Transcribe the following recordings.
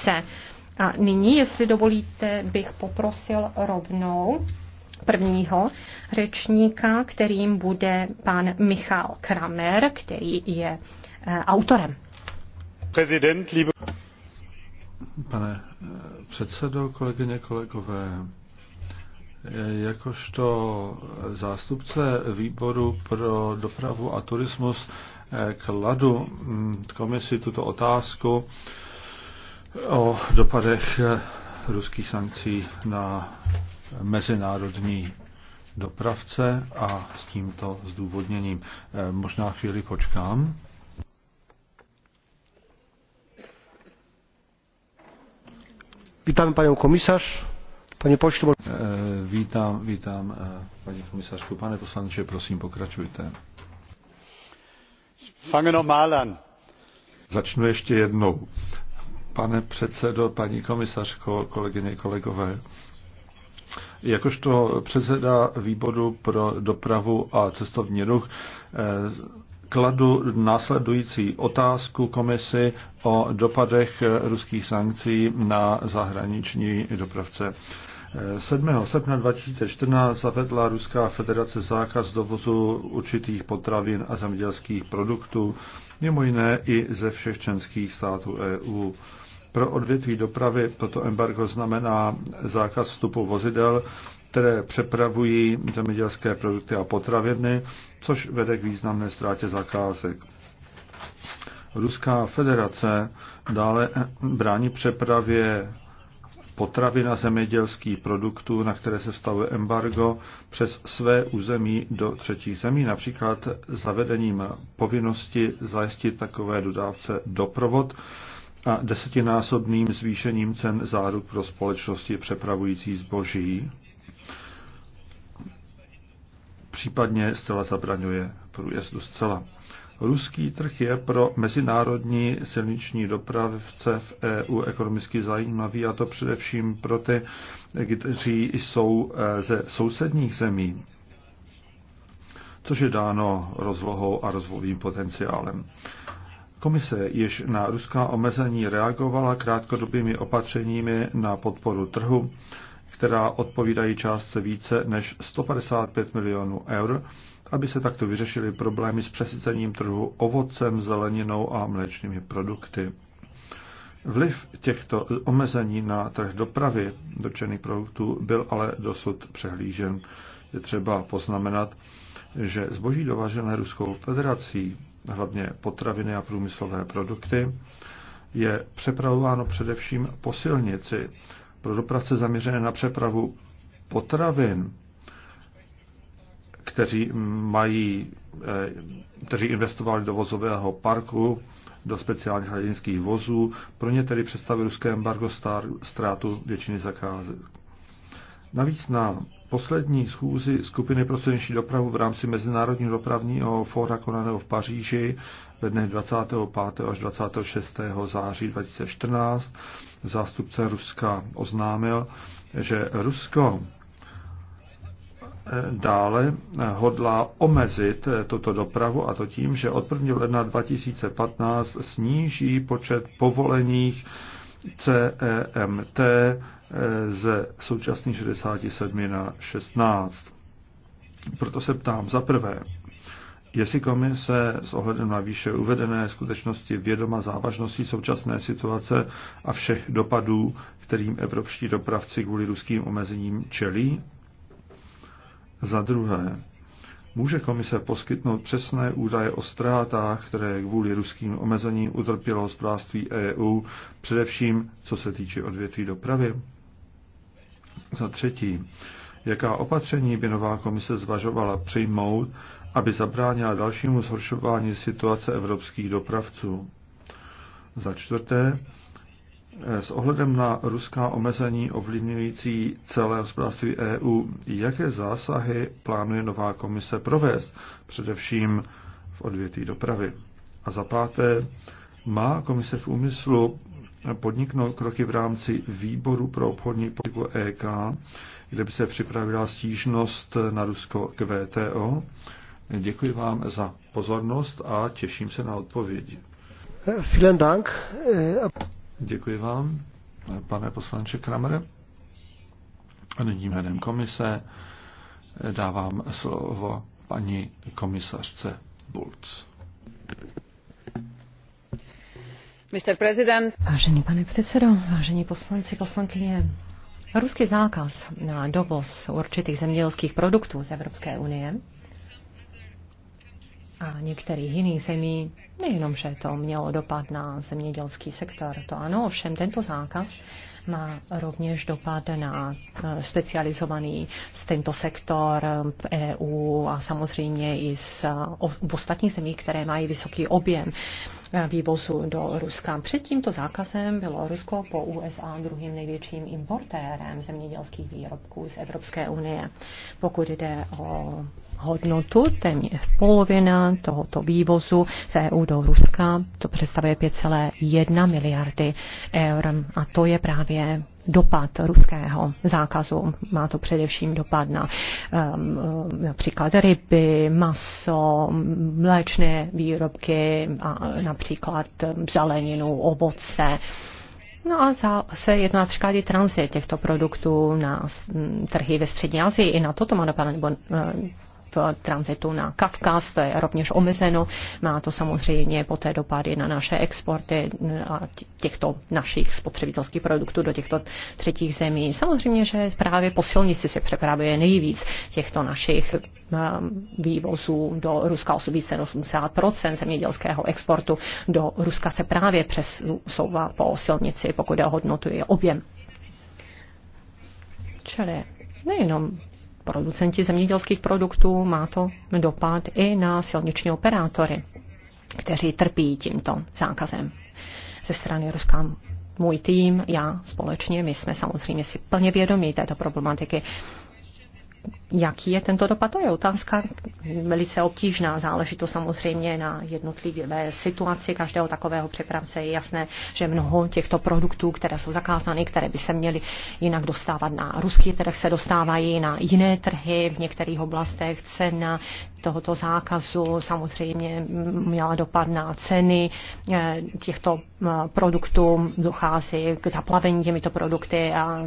funkce. A nyní, jestli dovolíte, bych poprosil rovnou prvního řečníka, kterým bude pan Michal Kramer, který je eh, autorem. Prezident, liebe... Pane eh, předsedo, kolegyně, kolegové, eh, jakožto zástupce výboru pro dopravu a turismus kladu hm, komisi tuto otázku o dopadech eh, ruských sankcí na mezinárodní dopravce a s tímto zdůvodněním. Eh, možná chvíli počkám. Vítám paní komisař. Pane bo... Eh, vítám, vítám paní komisařku. Pane poslanče, prosím, pokračujte. Fange normal an. Začnu ještě jednou pane předsedo, paní komisařko, kolegyně, kolegové. Jakožto předseda výboru pro dopravu a cestovní ruch eh, kladu následující otázku komisi o dopadech ruských sankcí na zahraniční dopravce. 7. Eh, srpna 2014 zavedla Ruská federace zákaz dovozu určitých potravin a zemědělských produktů, mimo jiné i ze všech členských států EU. Pro odvětví dopravy toto embargo znamená zákaz vstupu vozidel, které přepravují zemědělské produkty a potraviny, což vede k významné ztrátě zakázek. Ruská federace dále brání přepravě potravy a zemědělských produktů, na které se stavuje embargo, přes své území do třetích zemí, například zavedením povinnosti zajistit takové dodávce doprovod, a desetinásobným zvýšením cen záruk pro společnosti přepravující zboží, případně zcela zabraňuje průjezdu zcela. Ruský trh je pro mezinárodní silniční dopravce v EU ekonomicky zajímavý a to především pro ty, kteří jsou eh, ze sousedních zemí, což je dáno rozlohou a rozvojovým potenciálem. Komise již na ruská omezení reagovala krátkodobými opatřeními na podporu trhu, která odpovídají částce více než 155 milionů eur, aby se takto vyřešily problémy s přesycením trhu ovocem, zeleninou a mléčnými produkty. Vliv těchto omezení na trh dopravy dočených produktů byl ale dosud přehlížen. Je třeba poznamenat, že zboží dovažené Ruskou federací hlavně potraviny a průmyslové produkty, je přepravováno především po silnici. Pro dopravce zaměřené na přepravu potravin, kteří, mají, eh, kteří investovali do vozového parku, do speciálních hladinských vozů, pro ně tedy představuje ruské embargo ztrátu většiny zakázek. Navíc na poslední schůzi skupiny pro silniční dopravu v rámci Mezinárodního dopravního fóra konaného v Paříži ve dnech 25. až 26. září 2014 zástupce Ruska oznámil, že Rusko eh, dále hodlá omezit eh, tuto dopravu a to tím, že od 1. ledna 2015 sníží počet povolených CEMT ze současných 67 na 16. Proto se ptám za prvé, jestli komise s ohledem na výše uvedené skutečnosti vědoma závažností současné situace a všech dopadů, kterým evropští dopravci kvůli ruským omezením čelí? Za druhé, může komise poskytnout přesné údaje o ztrátách, které kvůli ruským omezením utrpělo hospodářství EU, především co se týče odvětví dopravy? Za třetí, jaká opatření by nová komise zvažovala přijmout, aby zabránila dalšímu zhoršování situace evropských dopravců? Za čtvrté, s ohledem na ruská omezení ovlivňující celé hospodářství EU, jaké zásahy plánuje nová komise provést, především v odvětví dopravy? A za páté, má komise v úmyslu podniknout kroky v rámci výboru pro obchodní politiku EK, kde by se připravila stížnost na Rusko k VTO. Děkuji vám za pozornost a těším se na odpovědi. Vielen Dank. Děkuji vám, pane poslanče Kramere. A nyní jménem komise dávám slovo paní komisařce Bulc. Mr. President. Vážený pane předsedo, vážení poslanci, poslankyně, ruský zákaz na dovoz určitých zemědělských produktů z Evropské unie a některých jiných zemí, nejenom, že to mělo dopad na zemědělský sektor, to ano, ovšem tento zákaz má rovněž dopad na eh, specializovaný tento sektor eh, v EU a samozřejmě i z, eh, ostatních zemí, které mají vysoký objem vývozu do Ruska. Před tímto zákazem bylo Rusko po USA druhým největším importérem zemědělských výrobků z Evropské unie. Pokud jde o hodnotu, téměř polovina tohoto vývozu z EU do Ruska, to představuje 5,1 miliardy eur a to je právě dopad ruského zákazu. Má to především dopad na um, um například ryby, maso, mléčné výrobky a například zeleninu, ovoce. No a se jedná například i tranzit těchto produktů na trhy ve střední Asii. I na toto má dopad, nebo v tranzitu na Kavkaz, to je rovněž omezeno. Má to samozřejmě poté dopady na naše exporty a těchto našich spotřebitelských produktů do těchto třetích zemí. Samozřejmě, že právě po silnici se přepravuje nejvíc těchto našich um, vývozů do Ruska, asi více 80% zemědělského exportu do Ruska se právě přesouvá po silnici, pokud je o hodnotu je objem. Čili nejenom producenti zemědělských produktů, má to dopad i na silniční operátory, kteří trpí tímto zákazem. Ze strany Ruska můj tým, já společně, my jsme samozřejmě si plně vědomí této problematiky jaký je tento dopad. To je otázka velice obtížná Záleží to samozřejmě na jednotlivé situaci každého takového přepravce. Je jasné, že mnoho těchto produktů, které jsou zakázány, které by se měly jinak dostávat na ruský trh, se dostávají na jiné trhy v některých oblastech. Cena tohoto zákazu samozřejmě měla dopad na ceny eh, těchto eh, produktů, dochází k zaplavení těmito produkty a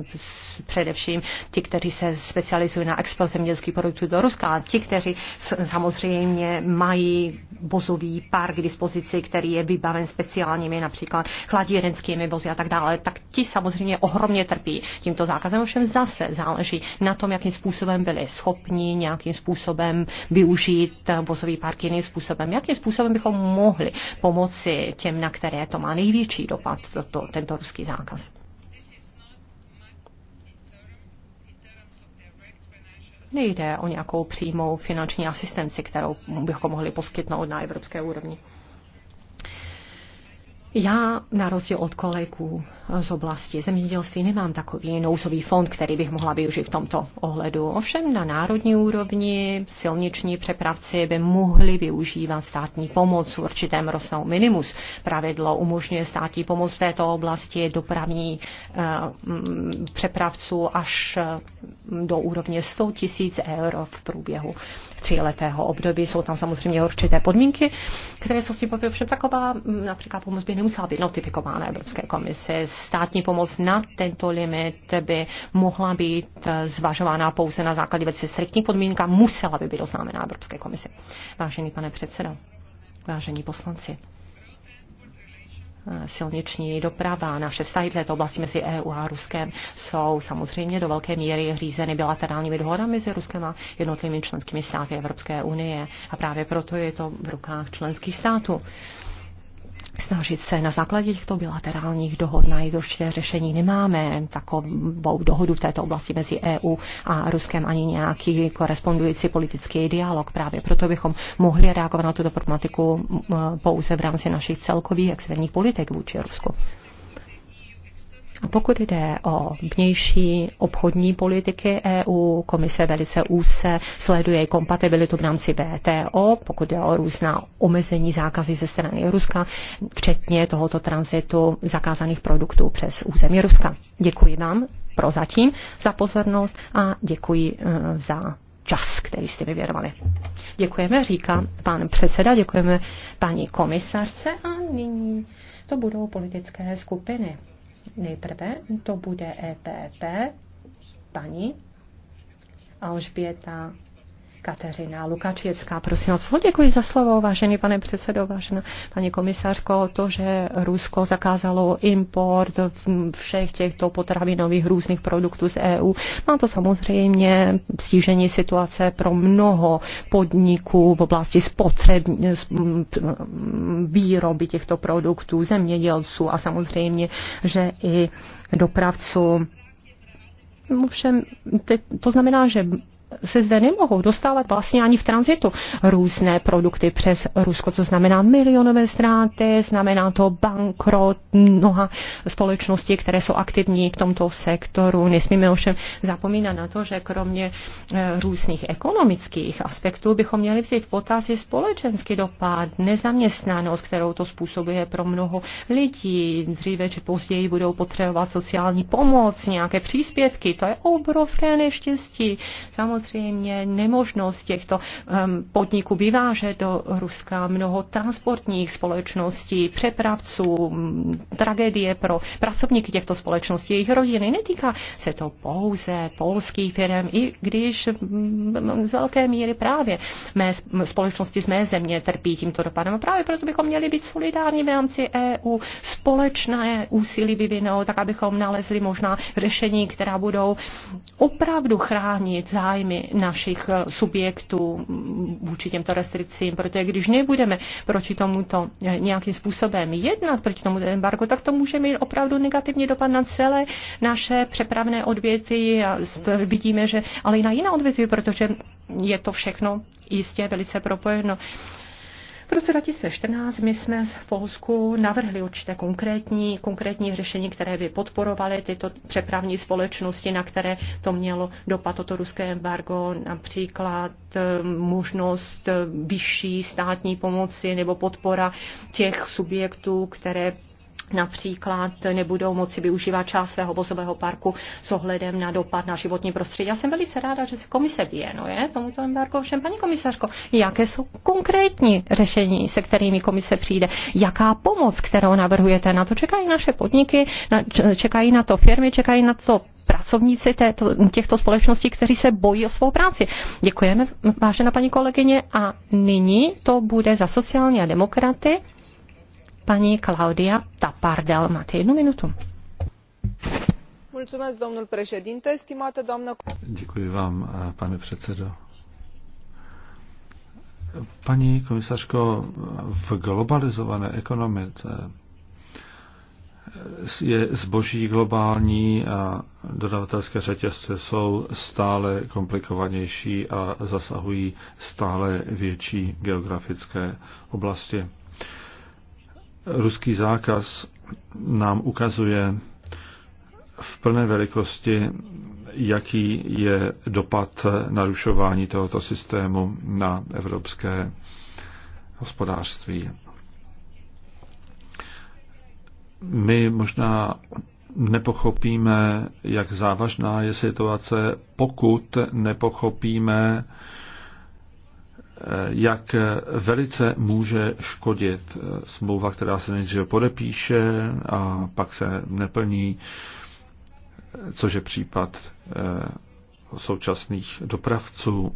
především ti, kteří se specializují na expozici, zemědělský produktů do Ruska. A ti, kteří samozřejmě mají vozový park k dispozici, který je vybaven speciálními například chladírenskými vozy a tak dále, tak ti samozřejmě ohromně trpí tímto zákazem. Ovšem zase záleží na tom, jakým způsobem byli schopni nějakým způsobem využít vozový park jiným způsobem. Jakým způsobem bychom mohli pomoci těm, na které to má největší dopad, to, to, tento ruský zákaz. nejde o nějakou přímou finanční asistenci, kterou bychom mohli poskytnout na evropské úrovni. Já na rozdíl od kolegů z oblasti zemědělství nemám takový nouzový fond, který bych mohla využít v tomto ohledu. Ovšem na národní úrovni silniční přepravci by mohli využívat státní pomoc v určitém rozsahu. Minimus pravidlo umožňuje státní pomoc v této oblasti dopravní eh, mm, přepravců až eh, do úrovně 100 tisíc eur v průběhu tříletého období. Jsou tam samozřejmě určité podmínky, které jsou s tím pokryty. Všem taková mm, například pomoc by nemusela být notifikována Evropské komise. Státní pomoc na tento limit by mohla být eh, zvažována pouze na základě velice striktních podmínek a musela by být oznámena Evropské komise. Vážený pane předsedo, vážení poslanci, Eh, silniční doprava, naše vztahy v této oblasti mezi EU a Ruskem jsou samozřejmě do velké míry řízeny bilaterálními dohodami mezi Ruskem a jednotlivými členskými státy Evropské unie. A právě proto je to v rukách členských států snažit se na základě těchto bilaterálních dohod najít určité řešení. Nemáme takovou dohodu v této oblasti mezi EU a Ruskem ani nějaký korespondující politický dialog. Právě proto bychom mohli reagovat na tuto problematiku pouze v rámci našich celkových externích politik vůči Rusku. A pokud jde o vnější obchodní politiky EU, komise velice úzce sleduje kompatibilitu v rámci BTO, pokud jde o různá omezení zákazy ze strany Ruska, včetně tohoto tranzitu zakázaných produktů přes území Ruska. Děkuji vám pro zatím za pozornost a děkuji eh, za čas, který jste mi věnovali. Děkujeme, říká pan předseda, děkujeme paní komisarce a nyní to budou politické skupiny. Nejprve to bude EPP, paní Alžběta Kateřina Lukačiecká, prosím vás. No, děkuji za slovo, vážený pane předsedo, vážená paní komisařko. To, že Rusko zakázalo import všech těchto potravinových různých produktů z EU, má to samozřejmě stížení situace pro mnoho podniků v oblasti spotřeb, výroby těchto produktů, zemědělců a samozřejmě, že i dopravců Ovšem, to znamená, že se zde nemohou dostávat vlastně ani v tranzitu různé produkty přes Rusko, co znamená milionové ztráty, znamená to bankrot mnoha společností, které jsou aktivní v tomto sektoru. Nesmíme ovšem zapomínat na to, že kromě eh, různých ekonomických aspektů bychom měli vzít v potaz i společenský dopad, nezaměstnanost, kterou to způsobuje pro mnoho lidí. Dříve či později budou potřebovat sociální pomoc, nějaké příspěvky. To je obrovské neštěstí. Samozřejmě samozřejmě nemožnost těchto um, podniků vyvážet do Ruska mnoho transportních společností, přepravců, um, tragédie pro pracovníky těchto společností, jejich rodiny. Netýká se to pouze polských firm, i když um, z velké míry právě mé společnosti z mé země trpí tímto dopadem. A právě proto bychom měli být solidární v rámci EU, společné úsilí vyvinout, tak abychom nalezli možná řešení, která budou opravdu chránit zájem zájmy našich eh, subjektů vůči těmto restrikcím, protože když nebudeme proti tomuto eh, nějakým způsobem jednat proti tomu embargu, tak to může mít opravdu negativní dopad na celé naše přepravné odvětví a vidíme, že ale i na jiná odvětví, protože je to všechno jistě velice propojeno roce 2014 my jsme v Polsku navrhli určité konkrétní, konkrétní řešení, které by podporovaly tyto přepravní společnosti, na které to mělo dopad toto ruské embargo, například eh, možnost eh, vyšší státní pomoci nebo podpora těch subjektů, které například nebudou moci využívat část svého vozového parku s ohledem na dopad na životní prostředí. Já jsem velice ráda, že se komise věnuje tomuto embargo. Všem, paní komisařko, jaké jsou konkrétní řešení, se kterými komise přijde? Jaká pomoc, kterou navrhujete? Na to čekají naše podniky, na, čekají na to firmy, čekají na to pracovníci této, těchto společností, kteří se bojí o svou práci. Děkujeme, vážená paní kolegyně, a nyní to bude za sociální a demokraty paní Claudia Tapardel. Máte jednu minutu. Děkuji vám, eh, pane předsedo. Paní komisařko, v globalizované ekonomice eh, je zboží globální a dodavatelské řetězce jsou stále komplikovanější a zasahují stále větší geografické oblasti ruský zákaz nám ukazuje v plné velikosti, jaký je dopad narušování tohoto systému na evropské hospodářství. My možná nepochopíme, jak závažná je situace, pokud nepochopíme, jak velice může škodit smlouva, která se nejdříve podepíše a pak se neplní, což je případ eh, současných dopravců.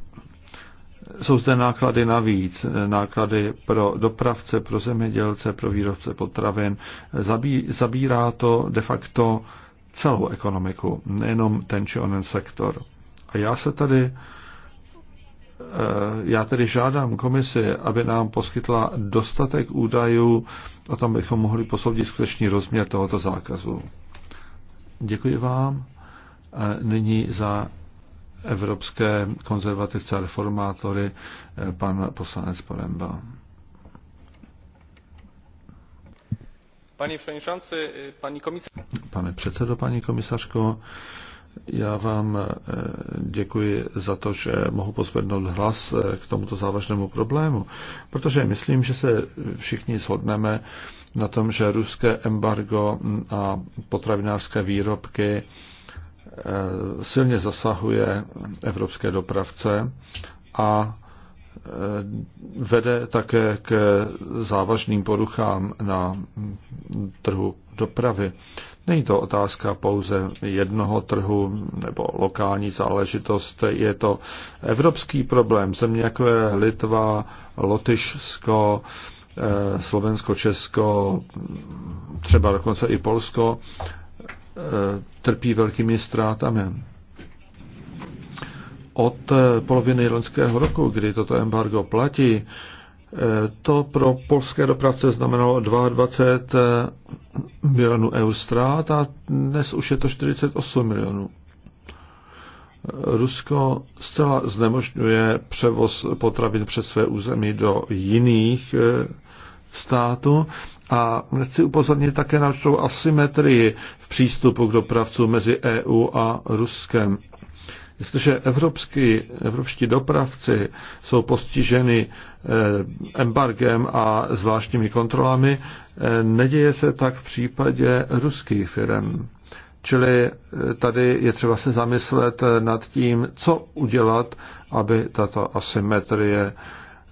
Jsou zde náklady navíc, náklady pro dopravce, pro zemědělce, pro výrobce potravin. Zabí, zabírá to de facto celou ekonomiku, nejenom ten či onen sektor. A já se tady Eh, já tedy žádám komisi, aby nám poskytla dostatek údajů a tam bychom mohli posoudit skutečný rozměr tohoto zákazu. Děkuji vám. Nyní za evropské konzervativce a reformátory eh, pan poslanec Poremba. Pane předsedo, paní komisařko, já vám eh, děkuji za to, že mohu pozvednout hlas eh, k tomuto závažnému problému, protože myslím, že se všichni shodneme na tom, že ruské embargo a potravinářské výrobky eh, silně zasahuje evropské dopravce a vede také k závažným poruchám na trhu dopravy. Není to otázka pouze jednoho trhu nebo lokální záležitost, je to evropský problém. Země jako je Litva, Lotyšsko, eh, Slovensko, Česko, třeba dokonce i Polsko, eh, trpí velkými ztrátami. Od poloviny loňského roku, kdy toto embargo platí, Eh, to pro polské dopravce znamenalo 22 milionů eur ztrát a dnes už je to 48 milionů. Rusko zcela znemožňuje převoz potravin přes své území do jiných eh, států a chci upozornit také na určitou asymetrii v přístupu k dopravcům mezi EU a Ruskem. Jestliže evropský, evropští dopravci jsou postiženi eh, embargem a zvláštními kontrolami, eh, neděje se tak v případě ruských firm. Čili eh, tady je třeba se zamyslet nad tím, co udělat, aby tato asymetrie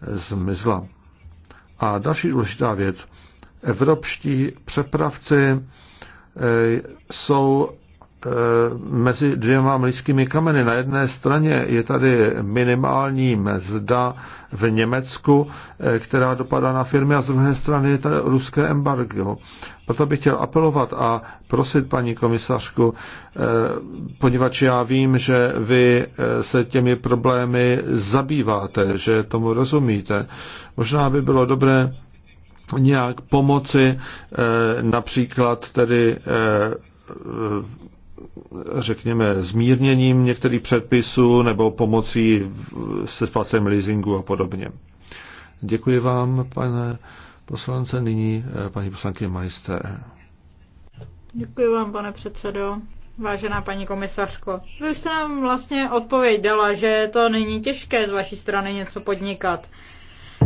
zmizla. A další důležitá věc. Evropští přepravci jsou Eh, mezi dvěma mlískými kameny. Na jedné straně je tady minimální mzda v Německu, eh, která dopadá na firmy, a z druhé strany je tady ruské embargo. Proto bych chtěl apelovat a prosit paní komisařku, eh, poněvadž já vím, že vy se těmi problémy zabýváte, že tomu rozumíte. Možná by bylo dobré nějak pomoci například tedy řekněme, zmírněním některých předpisů nebo pomocí se splacem leasingu a podobně. Děkuji vám, pane poslance. Nyní eh, paní poslankyně Majster. Děkuji vám, pane předsedo. Vážená paní komisařko, vy už jste nám vlastně odpověď dala, že to není těžké z vaší strany něco podnikat.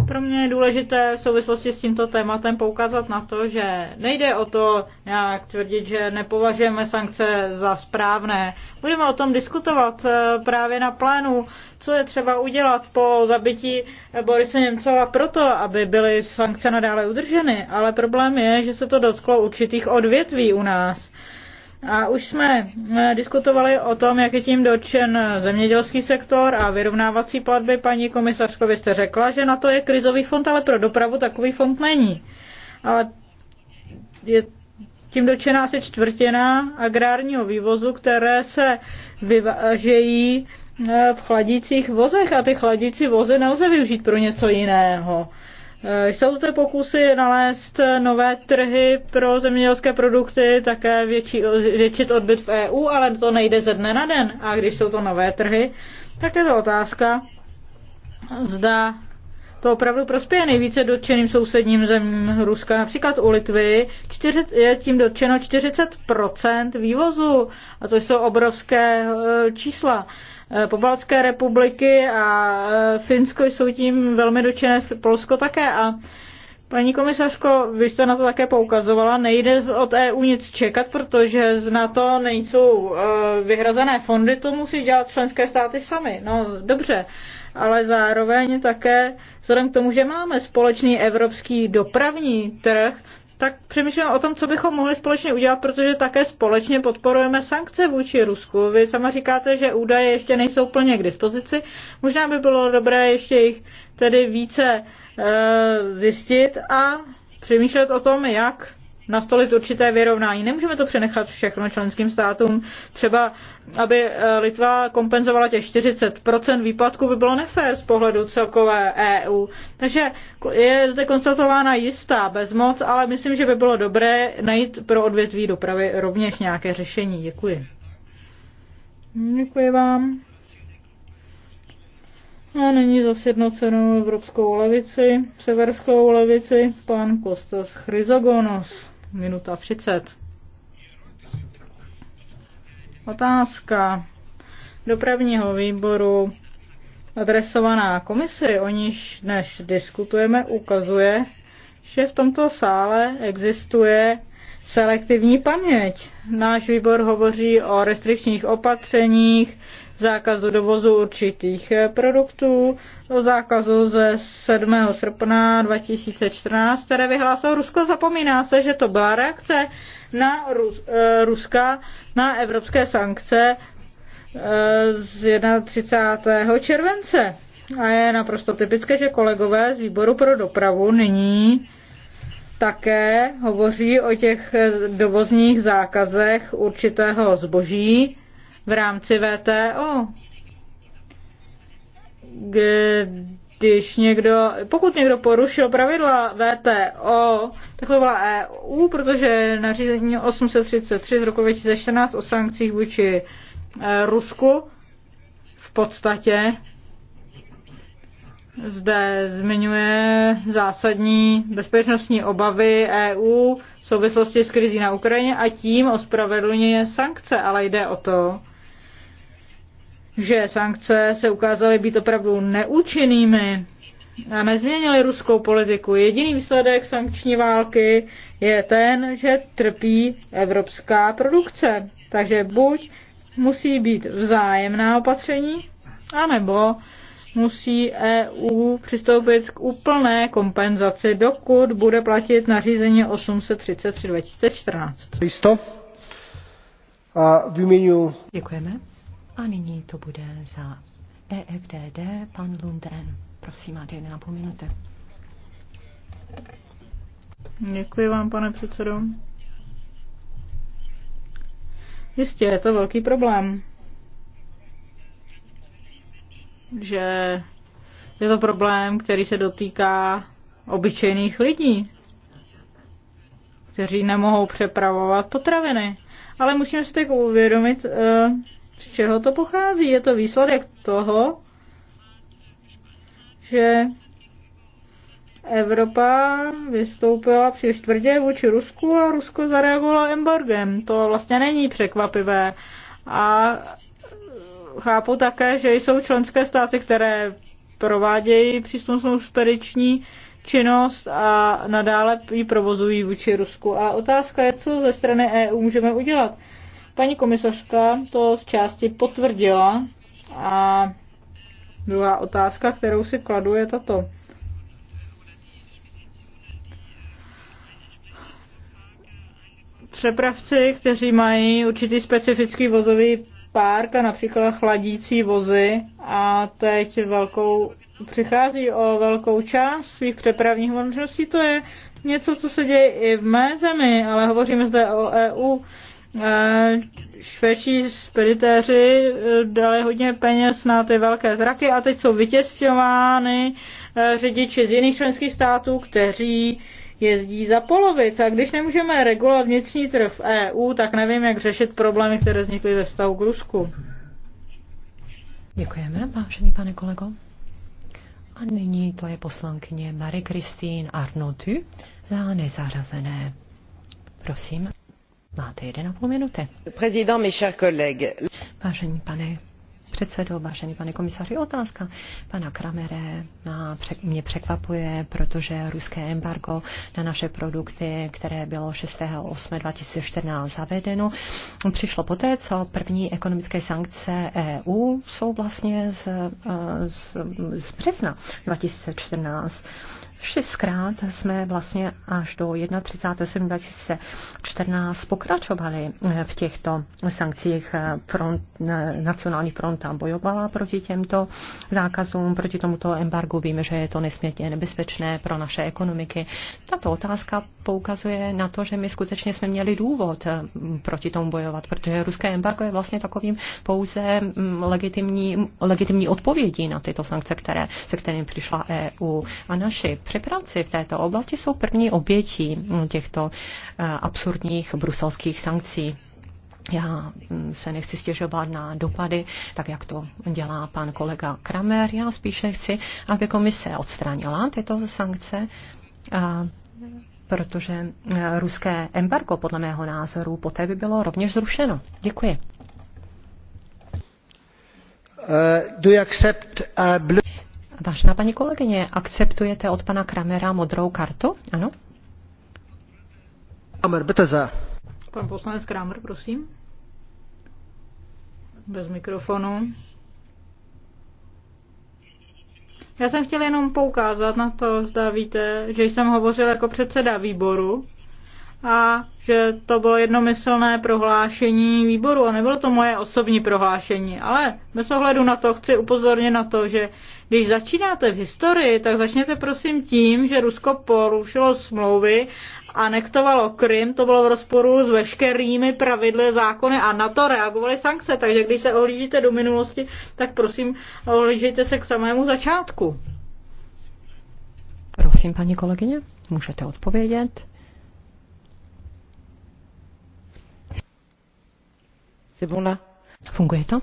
Pro mě je důležité v souvislosti s tímto tématem poukázat na to, že nejde o to nějak tvrdit, že nepovažujeme sankce za správné. Budeme o tom diskutovat eh, právě na plénu, co je třeba udělat po zabití Borise Němcova proto, aby byly sankce nadále udrženy. Ale problém je, že se to dotklo určitých odvětví u nás. A už jsme eh, diskutovali o tom, jak je tím dočen zemědělský sektor a vyrovnávací platby. Paní komisařko, vy jste řekla, že na to je krizový fond, ale pro dopravu takový fond není. Ale je tím dočená se čtvrtina agrárního vývozu, které se vyvážejí eh, v chladících vozech a ty chladící vozy nelze využít pro něco jiného. Eh, jsou zde pokusy nalézt nové trhy pro zemědělské produkty, také větší, většit odbyt v EU, ale to nejde ze dne na den. A když jsou to nové trhy, tak je to otázka, zda to opravdu prospěje nejvíce dotčeným sousedním zemím Ruska. Například u Litvy je tím dotčeno 40% vývozu a to jsou obrovské eh, čísla. Eh, Pobaltské republiky a eh, Finsko jsou tím velmi dočené, Polsko také a Paní komisařko, vy jste na to také poukazovala, nejde od EU nic čekat, protože na to nejsou eh, vyhrazené fondy, to musí dělat členské státy sami. No dobře, ale zároveň také, vzhledem k tomu, že máme společný evropský dopravní trh, tak přemýšlím o tom, co bychom mohli společně udělat, protože také společně podporujeme sankce vůči Rusku. Vy sama říkáte, že údaje ještě nejsou plně k dispozici. Možná by bylo dobré ještě jich tedy více e, zjistit a přemýšlet o tom, jak nastolit určité vyrovnání. Nemůžeme to přenechat všechno členským státům. Třeba, aby eh, Litva kompenzovala těch 40% výpadku, by bylo nefér z pohledu celkové EU. Takže je zde konstatována jistá bezmoc, ale myslím, že by bylo dobré najít pro odvětví dopravy rovněž nějaké řešení. Děkuji. Děkuji vám. A nyní za sjednocenou evropskou levici, severskou levici, pan Kostas Chryzogonos minuta 30. Otázka dopravního výboru adresovaná komisi, o níž dnes diskutujeme, ukazuje, že v tomto sále existuje selektivní paměť. Náš výbor hovoří o restrikčních opatřeních, zákazu dovozu určitých eh, produktů, o zákazu ze 7. srpna 2014, které vyhlásilo Rusko. Zapomíná se, že to byla reakce na Rus, eh, Ruska, na evropské sankce eh, z 31. července. A je naprosto typické, že kolegové z výboru pro dopravu nyní také hovoří o těch dovozních zákazech určitého zboží, v rámci VTO. Když někdo, pokud někdo porušil pravidla VTO, tak to byla EU, protože nařízení 833 z roku 2014 o sankcích vůči eh, Rusku v podstatě zde zmiňuje zásadní bezpečnostní obavy EU v souvislosti s krizí na Ukrajině a tím ospravedlňuje sankce, ale jde o to, že sankce se ukázaly být opravdu neúčinnými a nezměnily ruskou politiku. Jediný výsledek sankční války je ten, že trpí evropská produkce. Takže buď musí být vzájemná opatření, anebo musí EU přistoupit k úplné kompenzaci, dokud bude platit nařízení 833 2014. Listo. A v Děkujeme. A nyní to bude za EFDD pan Lundén. Prosím, máte jeden půl minuty. Děkuji vám, pane předsedo. Jistě, je to velký problém, že je to problém, který se dotýká obyčejných lidí, kteří nemohou přepravovat potraviny. Ale musíme si tak uvědomit, eh, z čeho to pochází? Je to výsledek toho, že Evropa vystoupila příliš tvrdě vůči Rusku a Rusko zareagovalo embargem. To vlastně není překvapivé. A chápu také, že jsou členské státy, které provádějí příslušnou spediční činnost a nadále ji provozují vůči Rusku. A otázka je, co ze strany EU můžeme udělat. Paní komisařka to z části potvrdila a druhá otázka, kterou si kladu, je tato. Přepravci, kteří mají určitý specifický vozový park a například chladící vozy a teď velkou, přichází o velkou část svých přepravních možností, to je něco, co se děje i v mé zemi, ale hovoříme zde o EU švédští speditéři eh, dali hodně peněz na ty velké zraky a teď jsou vytěstňovány eh, řidiči z jiných členských států, kteří jezdí za polovic. A když nemůžeme regulovat vnitřní trh v EU, tak nevím, jak řešit problémy, které vznikly ve stavu k Rusku. Děkujeme, vážený pane kolego. A nyní to je poslankyně Marie Kristýn Arnotu za nezařazené. Prosím. Máte Prezident, mes chers pane předsedo, vážený pane komisaři, otázka pana Kramere mě překvapuje, protože ruské embargo na naše produkty, které bylo 6.8.2014 zavedeno, přišlo poté, co první ekonomické sankce EU jsou vlastně z, eh, z, z března 2014. Šestkrát jsme vlastně až do 31.7.2014 pokračovali v těchto sankcích. Eh, front, nacionální front tam bojovala proti těmto zákazům, proti tomuto embargu. Víme, že je to nesmětně nebezpečné pro naše ekonomiky. Tato otázka poukazuje na to, že my skutečně jsme měli důvod eh, proti tomu bojovat, protože ruské embargo je vlastně takovým pouze mm, legitimní, legitimní odpovědí na tyto sankce, které, se kterým přišla EU. A naši přepravci v této oblasti jsou první obětí mm, těchto eh, absurdních bruselských sankcí. Já mm, se nechci stěžovat na dopady, tak jak to dělá pan kolega Kramer. Já spíše chci, aby komise odstranila tyto sankce. A protože eh, ruské embargo, podle mého názoru, poté by bylo rovněž zrušeno. Děkuji. Uh, do you accept, uh, blue... Vážená paní kolegyně, akceptujete od pana Kramera modrou kartu? Ano? Kramer, bitte za. Pan poslanec Kramer, prosím. Bez mikrofonu. Já jsem chtěl jenom poukázat na to, zda víte, že jsem hovořil jako předseda výboru a že to bylo jednomyslné prohlášení výboru a nebylo to moje osobní prohlášení, ale bez ohledu na to chci upozornit na to, že když začínáte v historii, tak začněte prosím tím, že Rusko porušilo smlouvy anektovalo Krym, to bylo v rozporu s veškerými pravidly, zákony a na to reagovaly sankce. Takže když se ohlížíte do minulosti, tak prosím ohlížejte se k samému začátku. Prosím, paní kolegyně, můžete odpovědět. Funguje to?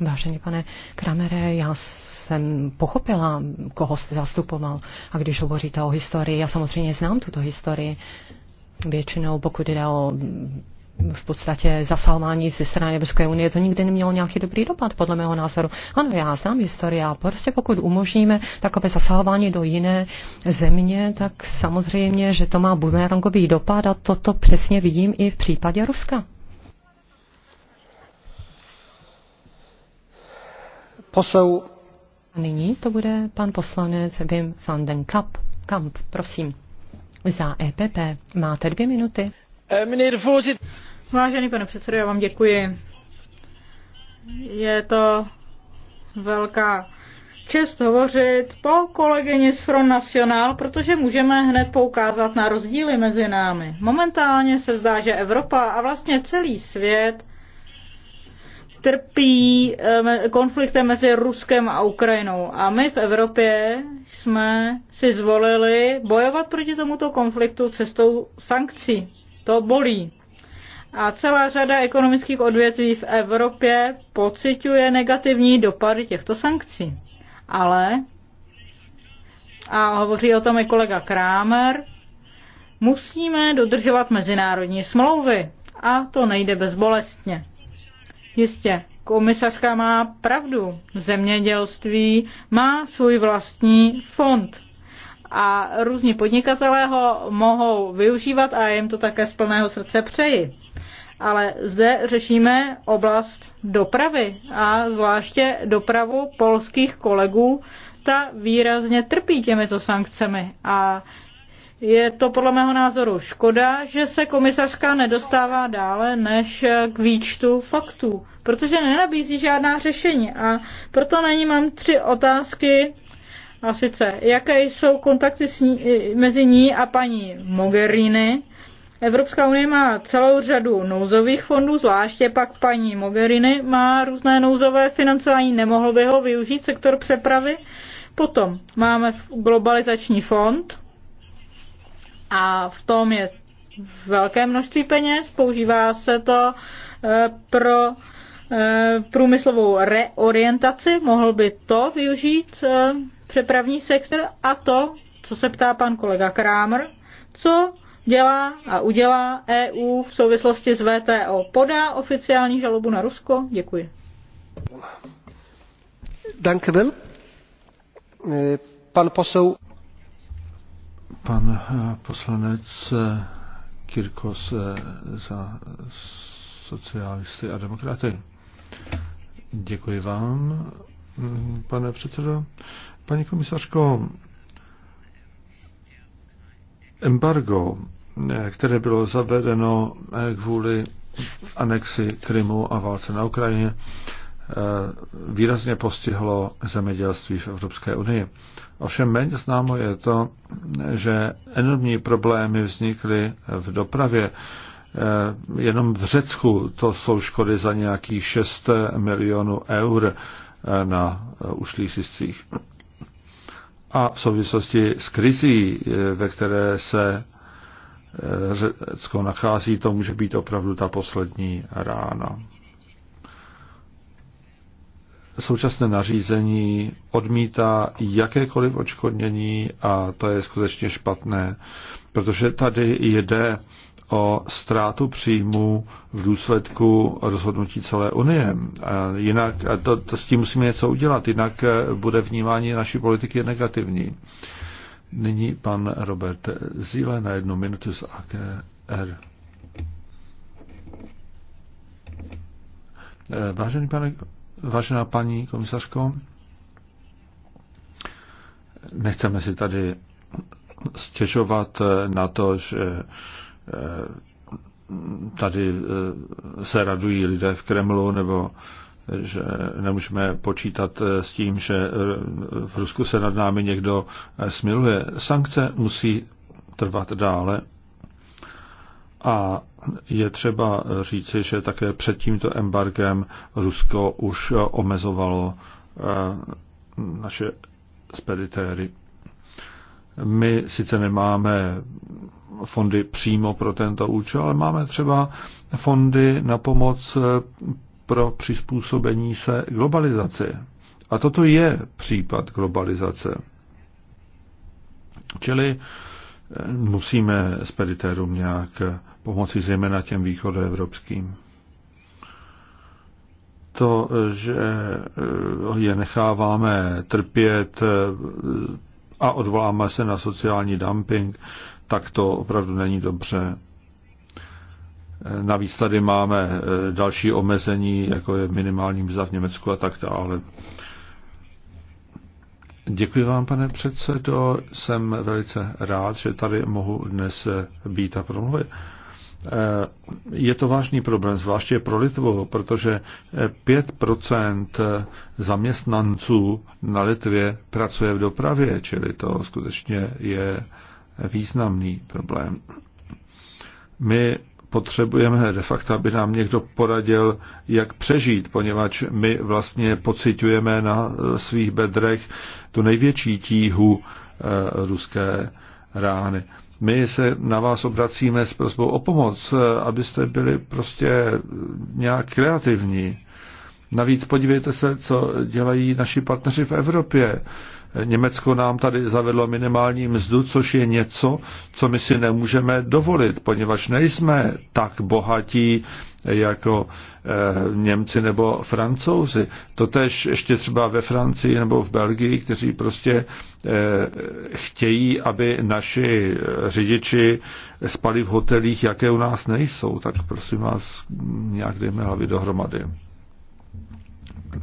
Vážený pane Kramere, já jsem pochopila, koho jste zastupoval. A když hovoříte o historii, já samozřejmě znám tuto historii. Většinou, pokud jde o v podstatě zasalmání ze strany Evropské unie, to nikdy nemělo nějaký dobrý dopad, podle mého názoru. Ano, já znám historii a prostě pokud umožníme takové zasahování do jiné země, tak samozřejmě, že to má bumerangový dopad a toto přesně vidím i v případě Ruska. Posel. A nyní to bude pan poslanec Wim van den Kamp. Kamp, prosím. Za EPP máte dvě minuty. Eh, Vážený pane předsedo, já vám děkuji. Je to velká čest hovořit po kolegyni z Front National, protože můžeme hned poukázat na rozdíly mezi námi. Momentálně se zdá, že Evropa a vlastně celý svět trpí konfliktem mezi Ruskem a Ukrajinou. A my v Evropě jsme si zvolili bojovat proti tomuto konfliktu cestou sankcí. To bolí. A celá řada ekonomických odvětví v Evropě pociťuje negativní dopady těchto sankcí. Ale, a hovoří o tom i kolega Krámer, musíme dodržovat mezinárodní smlouvy. A to nejde bezbolestně. Jistě, komisařka má pravdu. Zemědělství má svůj vlastní fond a různí podnikatelé ho mohou využívat a jim to také z plného srdce přeji. Ale zde řešíme oblast dopravy a zvláště dopravu polských kolegů, ta výrazně trpí těmito sankcemi a je to podle mého názoru škoda, že se komisařka nedostává dále než k výčtu faktů, protože nenabízí žádná řešení. A proto na ní mám tři otázky. A sice, jaké jsou kontakty s ní, mezi ní a paní Mogherini? Evropská unie má celou řadu nouzových fondů, zvláště pak paní Mogherini má různé nouzové financování, nemohl by ho využít sektor přepravy. Potom máme globalizační fond, a v tom je velké množství peněz, používá se to e, pro e, průmyslovou reorientaci, mohl by to využít e, přepravní sektor a to, co se ptá pan kolega Krámer, co dělá a udělá EU v souvislosti s VTO. Podá oficiální žalobu na Rusko? Děkuji. Danke Pan posel Pan eh, poslanec eh, Kirkos eh, za socialisty a demokraty. Děkuji vám, mm, pane předsedo. Paní komisařko, embargo, které bylo zavedeno kvůli anexi Krymu a válce na Ukrajině, výrazně postihlo zemědělství v Evropské unii. Ovšem méně známo je to, že enormní problémy vznikly v dopravě. E, jenom v Řecku to jsou škody za nějakých 6 milionů eur e, na ušlých siscích. A v souvislosti s krizí, e, ve které se Řecko nachází, to může být opravdu ta poslední rána současné nařízení odmítá jakékoliv očkodnění a to je skutečně špatné, protože tady jde o ztrátu příjmu v důsledku rozhodnutí celé Unie. A jinak, a to, to s tím musíme něco udělat, jinak bude vnímání naší politiky negativní. Nyní pan Robert Zíle na jednu minutu z AKR. Eh, vážený pane Vážená paní komisařko, nechceme si tady stěžovat na to, že eh, tady eh, se radují lidé v Kremlu nebo že nemůžeme počítat eh, s tím, že v Rusku se nad námi někdo smiluje. Sankce musí trvat dále a je třeba říci, že také před tímto embargem Rusko už omezovalo eh, naše speditéry. My sice nemáme fondy přímo pro tento účel, ale máme třeba fondy na pomoc eh, pro přizpůsobení se globalizaci. A toto je případ globalizace. Čili eh, musíme speditérům nějak pomoci zejména těm východoevropským. To, že eh, je necháváme trpět eh, a odvoláme se na sociální dumping, tak to opravdu není dobře. Eh, navíc tady máme další omezení, jako je minimální mzda v Německu a tak dále. Děkuji vám, pane předsedo. Jsem velice rád, že tady mohu dnes být a promluvit je to vážný problém, zvláště pro Litvu, protože 5% zaměstnanců na Litvě pracuje v dopravě, čili to skutečně je významný problém. My potřebujeme de facto, aby nám někdo poradil, jak přežít, poněvadž my vlastně pociťujeme na svých bedrech tu největší tíhu eh, ruské rány. My se na vás obracíme s prosbou o pomoc, abyste byli prostě nějak kreativní. Navíc podívejte se, co dělají naši partneři v Evropě. Německo nám tady zavedlo minimální mzdu, což je něco, co my si nemůžeme dovolit, poněvadž nejsme tak bohatí jako eh, Němci nebo Francouzi. Totež ještě třeba ve Francii nebo v Belgii, kteří prostě eh, chtějí, aby naši řidiči spali v hotelích, jaké u nás nejsou. Tak prosím vás, nějak dejme hlavy dohromady.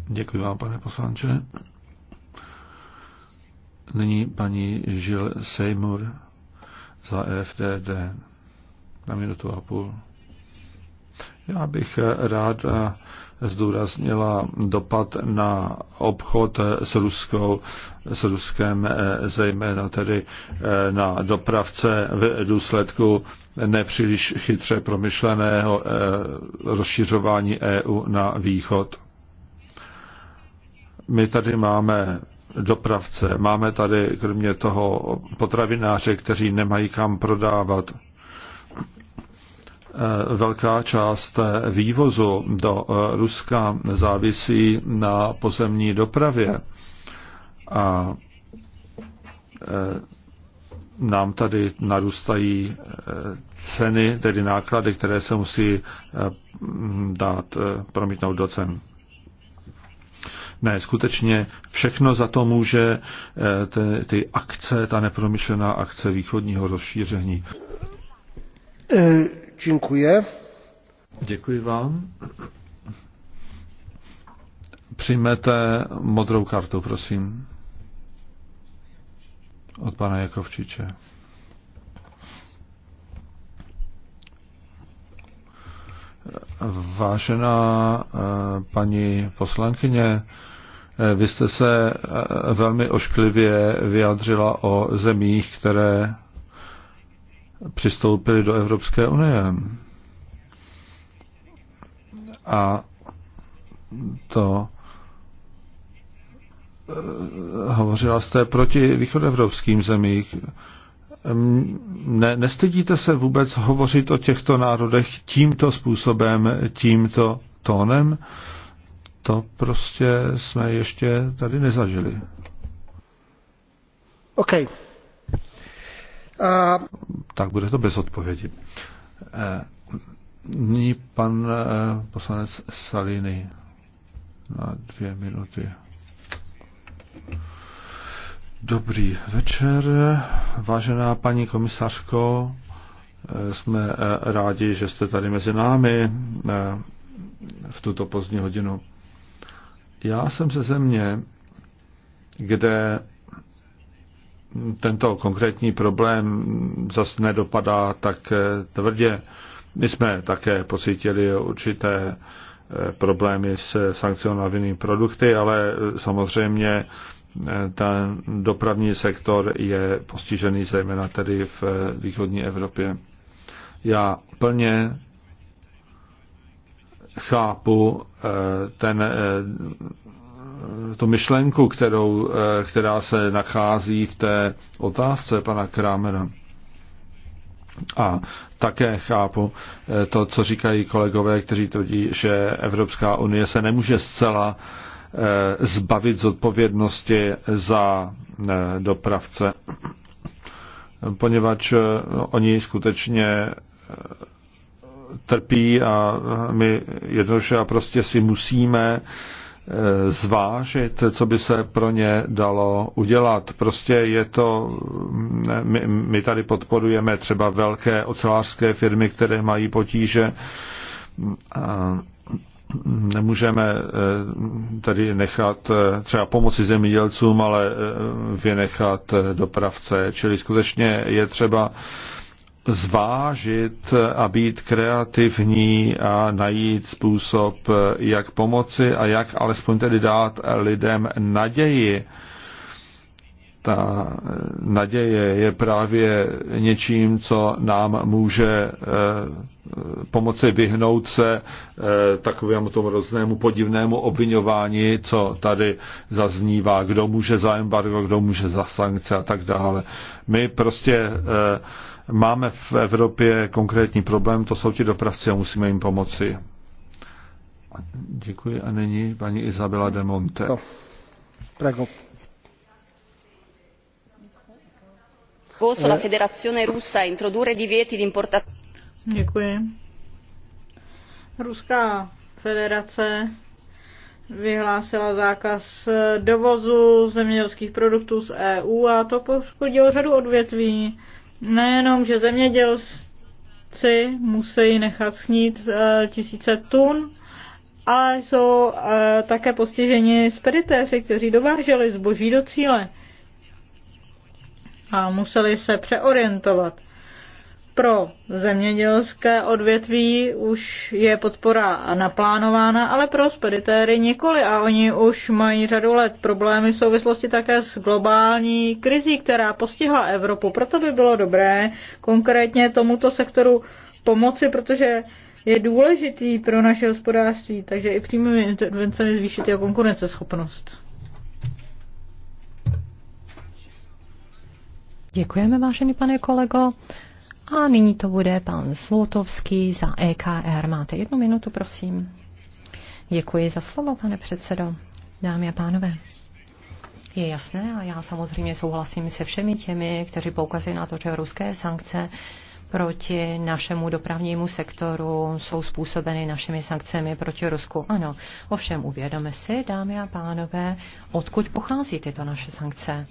Děkuji vám, pane poslanče. Nyní paní Žil Seymour za e FDD na minutu a půl. Já bych rád zdůraznila dopad na obchod s, Ruskou, s Ruskem, zejména tedy eh, na dopravce v důsledku nepříliš chytře promyšleného eh, rozšiřování EU na východ. My tady máme dopravce. Máme tady kromě toho potravináře, kteří nemají kam prodávat. Eh, velká část vývozu do eh, Ruska závisí na pozemní dopravě. A eh, nám tady narůstají ceny, tedy náklady, které se musí dát promítnout do cen. Ne, skutečně všechno za to může eh, ty, ty akce, ta nepromyšlená akce východního rozšíření. Eh, Děkuji. Děkuji vám. Přijmete modrou kartu, prosím. Od pana Jakovčiče. Vážená eh, paní poslankyně, vy jste se eh, velmi ošklivě vyjádřila o zemích, které přistoupily do Evropské unie. A to eh, hovořila jste proti východevropským zemích. Ne, nestydíte se vůbec hovořit o těchto národech tímto způsobem, tímto tónem? Uh, to prostě jsme ještě tady nezažili. OK. Uh... Tak bude to bez odpovědi. Eh, nyní pan eh, poslanec Saliny na dvě minuty. Dobrý večer, vážená paní komisařko. Jsme rádi, že jste tady mezi námi v tuto pozdní hodinu. Já jsem ze země, kde tento konkrétní problém zase nedopadá tak eh, tvrdě. My jsme také pocítili určité eh, problémy s sankcionovanými produkty, ale eh, samozřejmě ten dopravní sektor je postižený zejména tedy v východní Evropě. Já plně chápu eh, ten, eh, tu myšlenku, kterou, eh, která se nachází v té otázce pana Krámera. A také chápu to, co říkají kolegové, kteří tvrdí, že Evropská unie se nemůže zcela zbavit zodpovědnosti za dopravce, poněvadž oni skutečně trpí a my jednoduše a prostě si musíme eh, zvážit, co by se pro ně dalo udělat. Prostě je to, mm, my, my tady podporujeme třeba velké ocelářské firmy, které mají potíže. A nemůžeme eh, tady nechat eh, třeba pomoci zemědělcům, ale vynechat dopravce. Čili skutečně je třeba zvážit a být kreativní a najít způsob, jak pomoci a jak alespoň tedy dát lidem naději. Ta naděje je právě něčím, co nám může eh, pomoci vyhnout se eh, takovému tomu roznému podivnému obvinování, co tady zaznívá, kdo může za embargo, kdo může za sankce a tak dále. My prostě eh, Máme v Evropě konkrétní problém, to jsou ti dopravci a musíme jim pomoci. Děkuji a nyní paní Izabela de Monte. No. Prego. La federazione russa introdurre divieti di importazione. Děkuji. Ruská federace vyhlásila zákaz dovozu zemědělských produktů z EU a to poškodilo řadu odvětví Nejenom, že zemědělci musí nechat snít eh, tisíce tun, ale jsou eh, také postiženi spiritéři, kteří dováželi zboží do cíle a museli se přeorientovat. Pro zemědělské odvětví už je podpora naplánována, ale pro speditéry nikoli a oni už mají řadu let problémy v souvislosti také s globální krizí, která postihla Evropu. Proto by bylo dobré konkrétně tomuto sektoru pomoci, protože je důležitý pro naše hospodářství, takže i přímými intervencemi zvýšit jeho konkurenceschopnost. Děkujeme, vážený pane kolego. A nyní to bude pan Slotovský za EKR. Máte jednu minutu, prosím. Děkuji za slovo, pane předsedo. Dámy a pánové. Je jasné a já samozřejmě souhlasím se všemi těmi, kteří poukazují na to, že ruské sankce proti našemu dopravnímu sektoru jsou způsobeny našimi sankcemi proti Rusku. Ano, ovšem uvědome si, dámy a pánové, odkud pochází tyto naše sankce.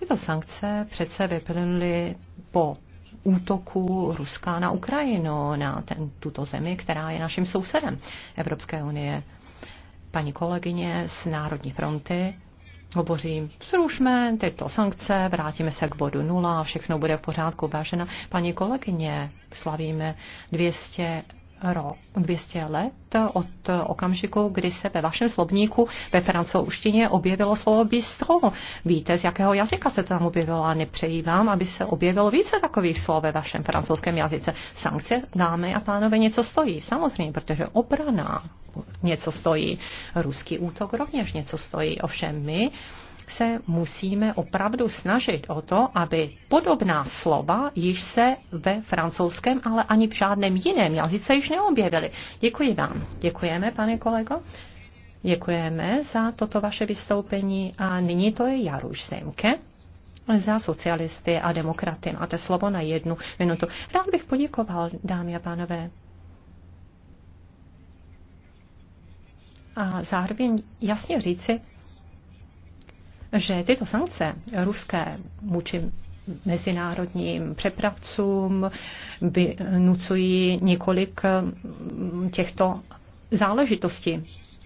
Tyto sankce přece vyplynuly po útoku Ruska na Ukrajinu, na ten, tuto zemi, která je naším sousedem Evropské unie. Paní kolegyně z Národní fronty hovořím, zrušme tyto sankce, vrátíme se k bodu nula všechno bude v pořádku. Vážená paní kolegyně, slavíme 200 rok, 200 let od okamžiku, kdy se ve vašem slovníku ve francouzštině objevilo slovo bistro. Víte, z jakého jazyka se to tam objevilo a nepřeji vám, aby se objevilo více takových slov ve vašem francouzském jazyce. Sankce, dámy a pánové, něco stojí. Samozřejmě, protože obrana něco stojí. Ruský útok rovněž něco stojí. Ovšem my se musíme opravdu snažit o to, aby podobná slova již se ve francouzském, ale ani v žádném jiném jazyce již neobjevily. Děkuji vám. Děkujeme, pane kolego. Děkujeme za toto vaše vystoupení a nyní to je Jaruš Zemke za socialisty a demokraty. Máte slovo na jednu minutu. Rád bych poděkoval, dámy a pánové. A zároveň jasně říci, že tyto sankce ruské vůči mezinárodním přepravcům vynucují několik mm, těchto záležitostí.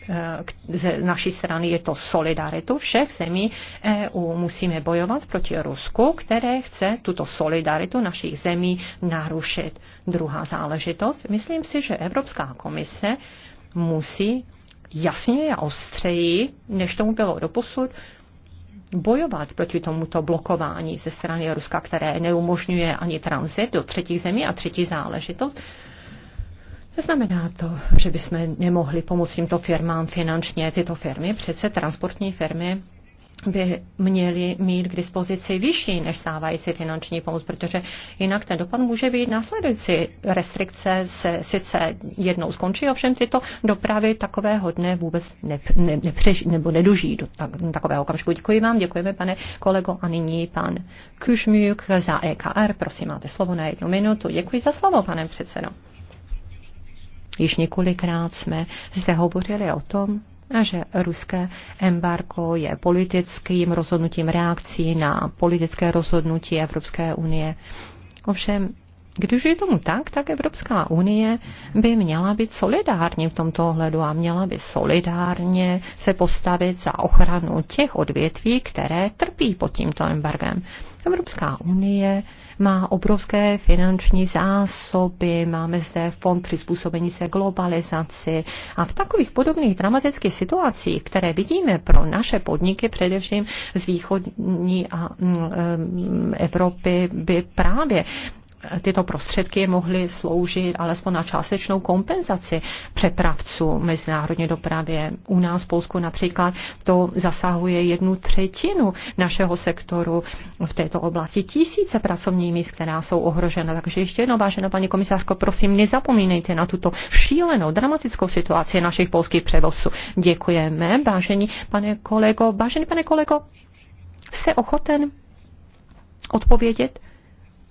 Eh, Z naší strany je to solidaritu všech zemí EU. Musíme bojovat proti Rusku, které chce tuto solidaritu našich zemí narušit. Druhá záležitost, myslím si, že Evropská komise musí jasně a ostřeji, než tomu bylo doposud, bojovat proti tomuto blokování ze strany Ruska, které neumožňuje ani tranzit do třetích zemí a třetí záležitost. Neznamená to, že bychom nemohli pomoct těmto firmám finančně. Tyto firmy, přece transportní firmy, by měli mít k dispozici vyšší než stávající finanční pomoc, protože jinak ten dopad může být následující. Restrikce se sice jednou skončí, ovšem tyto dopravy takového dne vůbec ne, ne, nepřeží nebo nedožijí do tak, takového okamžiku. Děkuji vám, děkujeme pane kolego a nyní pan Kušmiuk za EKR. Prosím, máte slovo na jednu minutu. Děkuji za slovo, pane předsedo. Již několikrát jsme zde hovořili o tom, a že ruské embargo je politickým rozhodnutím reakcí na politické rozhodnutí Evropské unie. Ovšem, když je tomu tak, tak Evropská unie by měla být solidární v tomto ohledu a měla by solidárně se postavit za ochranu těch odvětví, které trpí pod tímto embargem. Evropská unie má obrovské finanční zásoby, máme zde fond přizpůsobení se globalizaci a v takových podobných dramatických situacích, které vidíme pro naše podniky, především z východní a, mm, Evropy, by právě tyto prostředky mohly sloužit alespoň na částečnou kompenzaci přepravců mezinárodní dopravě. U nás v Polsku například to zasahuje jednu třetinu našeho sektoru v této oblasti. Tisíce pracovních míst, která jsou ohrožena. Takže ještě jednou, vážená paní komisářko, prosím, nezapomínejte na tuto šílenou, dramatickou situaci našich polských převozů. Děkujeme, vážení pane kolego. Vážený pane kolego, jste ochoten odpovědět?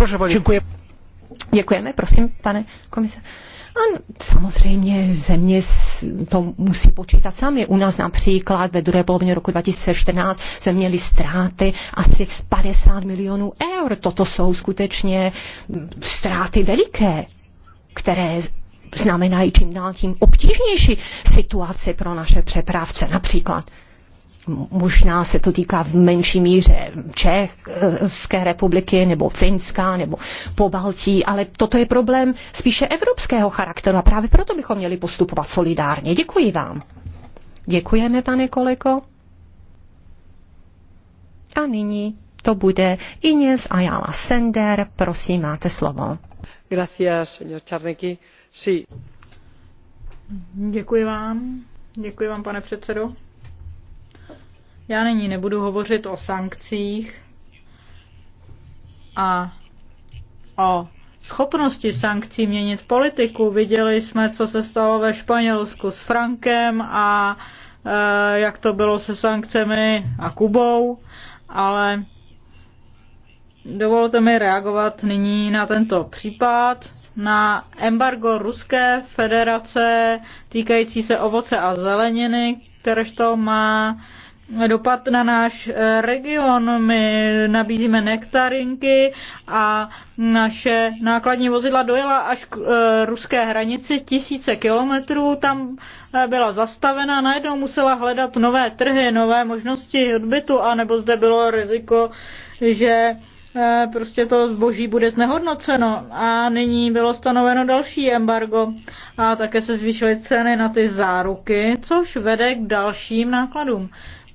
Proszę, panie... Dziękuję. Děkujeme, prosím, pane komisař. samozřejmě země to musí počítat sami. U nás například ve druhé polovině roku 2014 jsme měli ztráty asi 50 milionů eur. Toto jsou skutečně ztráty veliké, které znamenají čím dál tím obtížnější situaci pro naše přepravce například možná se to týká v menší míře České republiky nebo Finska nebo po Baltí, ale toto je problém spíše evropského charakteru a právě proto bychom měli postupovat solidárně. Děkuji vám. Děkujeme, pane kolego. A nyní to bude Ines Ayala Sender. Prosím, máte slovo. Gracias, señor Čarneky. Sí. Děkuji vám. Děkuji vám, pane předsedo. Já nyní nebudu hovořit o sankcích a o schopnosti sankcí měnit politiku. Viděli jsme, co se stalo ve Španělsku s Frankem a e, jak to bylo se sankcemi a Kubou, ale dovolte mi reagovat nyní na tento případ, na embargo Ruské federace týkající se ovoce a zeleniny, kteréž to má dopad na náš eh, region. My nabízíme nektarinky a naše nákladní vozidla dojela až k eh, ruské hranici tisíce kilometrů. Tam eh, byla zastavena, najednou musela hledat nové trhy, nové možnosti odbytu, anebo zde bylo riziko, že prostě to zboží bude znehodnoceno. A nyní bylo stanoveno další embargo a také se zvýšily ceny na ty záruky, což vede k dalším nákladům.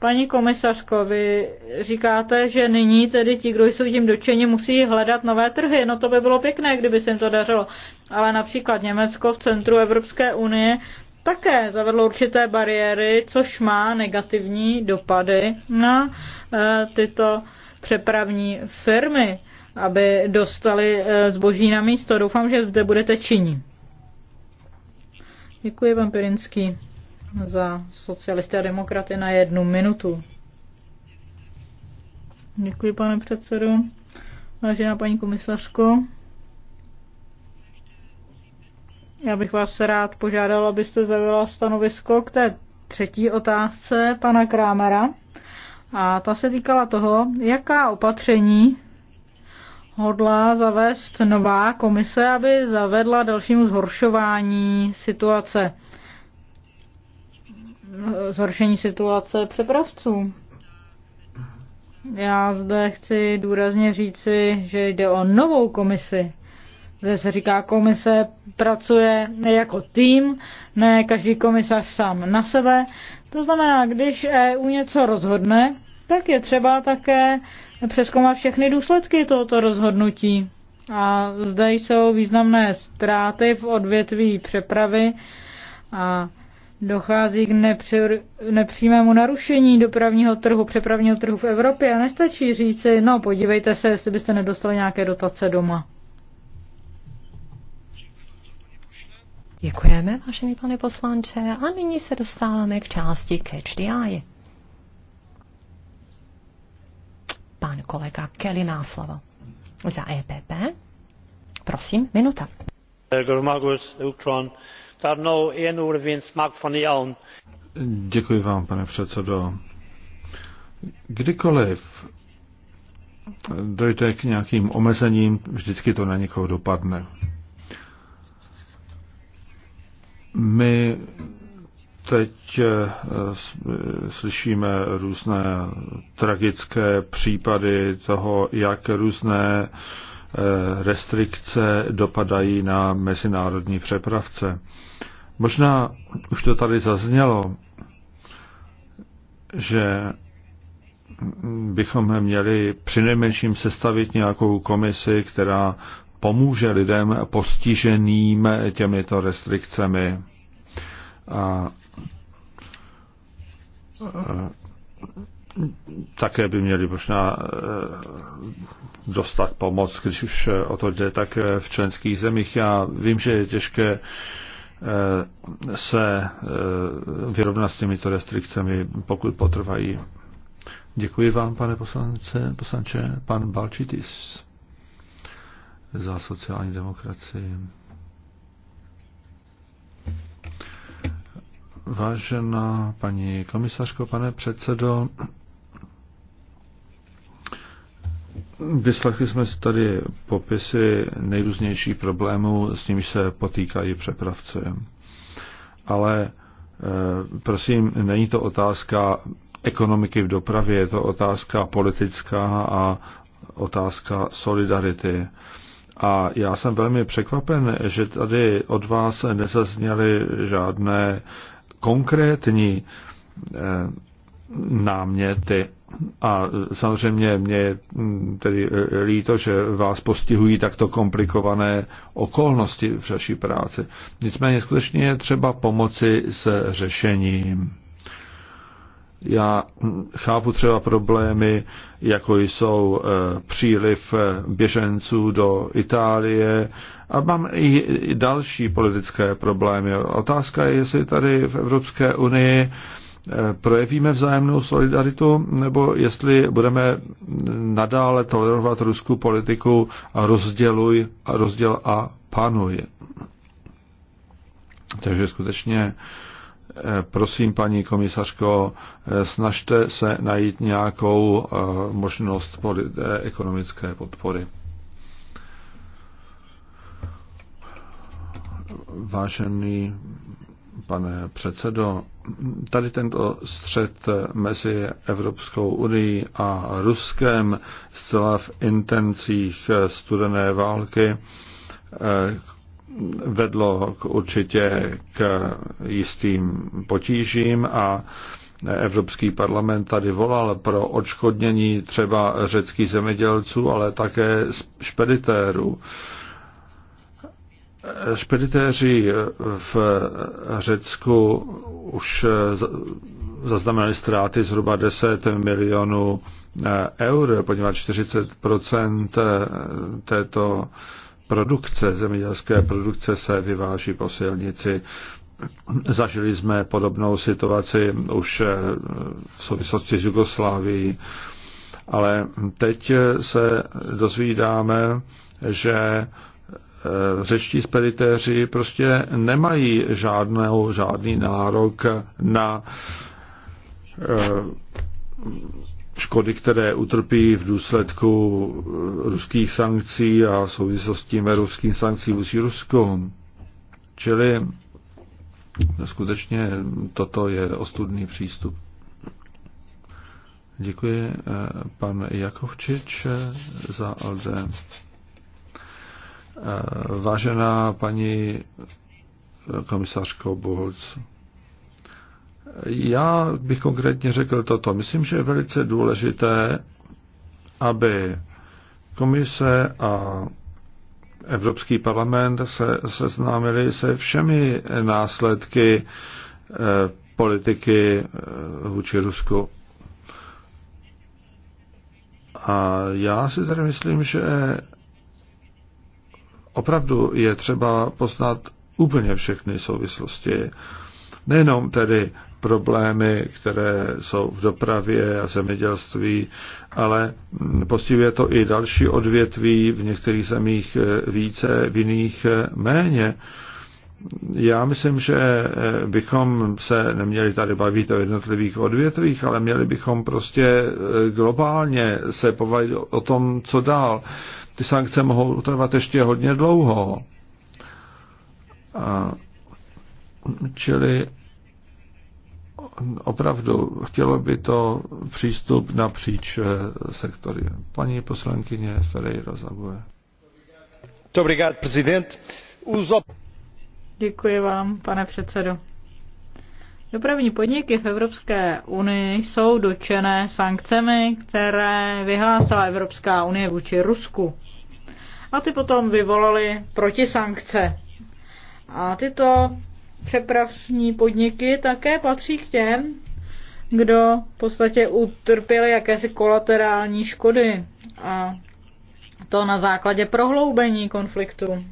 Paní komisařko, vy říkáte, že nyní tedy ti, kdo jsou tím dočeni, musí hledat nové trhy. No to by bylo pěkné, kdyby se jim to dařilo. Ale například Německo v centru Evropské unie také zavedlo určité bariéry, což má negativní dopady na eh, tyto přepravní firmy, aby dostali eh, zboží na místo. Doufám, že zde budete činit. Děkuji vám, Pirinský za socialisty a demokraty na jednu minutu. Děkuji, pane předsedo. Vážená paní komisařko, já bych vás rád požádal, abyste zavěla stanovisko k té třetí otázce pana Krámera. A ta se týkala toho, jaká opatření hodlá zavést nová komise, aby zavedla dalšímu zhoršování situace zhoršení situace přepravců. Já zde chci důrazně říci, že jde o novou komisi. Zde se říká, komise pracuje jako tým, ne každý komisař sám na sebe. To znamená, když EU něco rozhodne, tak je třeba také přeskoumat všechny důsledky tohoto rozhodnutí. A zde jsou významné ztráty v odvětví přepravy a dochází k nepři, nepřímému narušení dopravního trhu, přepravního trhu v Evropě a nestačí říci, no podívejte se, jestli byste nedostali nějaké dotace doma. Děkujeme, vážený pane poslanče, a nyní se dostáváme k části Catch the Eye. Pán kolega Kelly má slovo. Za EPP. Prosím, minuta. Děkuji vám, pane předsedo. Kdykoliv dojde k nějakým omezením, vždycky to na někoho dopadne. My teď eh, slyšíme různé tragické případy toho, jak různé Eh, restrikce dopadají na mezinárodní přepravce. Možná už to tady zaznělo, že bychom měli přinejmenším sestavit nějakou komisi, která pomůže lidem postiženým těmito restrikcemi. A eh, také by měli možná eh, dostat pomoc, když už eh, o to jde, tak eh, v členských zemích. Já vím, že je těžké se vyrovnat s těmito restrikcemi, pokud potrvají. Děkuji vám, pane poslance, poslanče, pan Balčitis za sociální demokracii. Vážená paní komisařko, pane předsedo, Vyslechli jsme si tady popisy nejrůznějších problémů, s nimi se potýkají přepravci. Ale e, prosím, není to otázka ekonomiky v dopravě, je to otázka politická a otázka solidarity. A já jsem velmi překvapen, že tady od vás nezazněly žádné konkrétní e, náměty a samozřejmě mě je mm, tedy e, e, líto, že vás postihují takto komplikované okolnosti v vaší práci. Nicméně skutečně je třeba pomoci s řešením. Já mm, chápu třeba problémy, jako jsou e, příliv běženců do Itálie a mám i další politické problémy. Otázka je, jestli tady v Evropské unii projevíme vzájemnou solidaritu, nebo jestli budeme nadále tolerovat ruskou politiku a rozděluj, a rozděl a panuj. Takže skutečně eh, prosím, paní komisařko, eh, snažte se najít nějakou eh, možnost ekonomické podpory. Vážený pane předsedo, tady tento střed mezi Evropskou unii a Ruskem zcela v intencích studené války eh, vedlo k určitě k jistým potížím a Evropský parlament tady volal pro odškodnění třeba řeckých zemědělců, ale také špeditérů. Špeditéři v Řecku už zaznamenali ztráty zhruba 10 milionů eh, eur, poněvadž 40 eh, této produkce, zemědělské produkce se vyváží po silnici. Zažili jsme podobnou situaci už eh, v souvislosti s Jugoslávií, ale teď se dozvídáme, že řečtí speditéři prostě nemají žádného, žádný nárok na eh, škody, které utrpí v důsledku eh, ruských sankcí a v souvislosti ruským sankcí vůči Rusku. Čili skutečně toto je ostudný přístup. Děkuji eh, pan Jakovčič za Alze. Eh, vážená paní eh, komisařko Boholc, já bych konkrétně řekl toto. Myslím, že je velice důležité, aby komise a Evropský parlament se seznámili se všemi následky eh, politiky vůči Rusku. A já si tady myslím, že opravdu je třeba poznat úplně všechny souvislosti. Nejenom tedy problémy, které jsou v dopravě a zemědělství, ale postihuje to i další odvětví, v některých zemích více, v jiných méně. Já myslím, že bychom se neměli tady bavit o jednotlivých odvětvích, ale měli bychom prostě globálně se povědět o tom, co dál ty sankce mohou trvat ještě hodně dlouho. A, čili opravdu chtělo by to přístup napříč eh, sektory. Paní poslankyně Ferreira Zague. Děkuji vám, pane předsedo. Dopravní podniky v Evropské unii jsou dočené sankcemi, které vyhlásila Evropská unie vůči Rusku. A ty potom vyvolaly protisankce. A tyto přepravní podniky také patří k těm, kdo v podstatě utrpěli jakési kolaterální škody. A to na základě prohloubení konfliktu.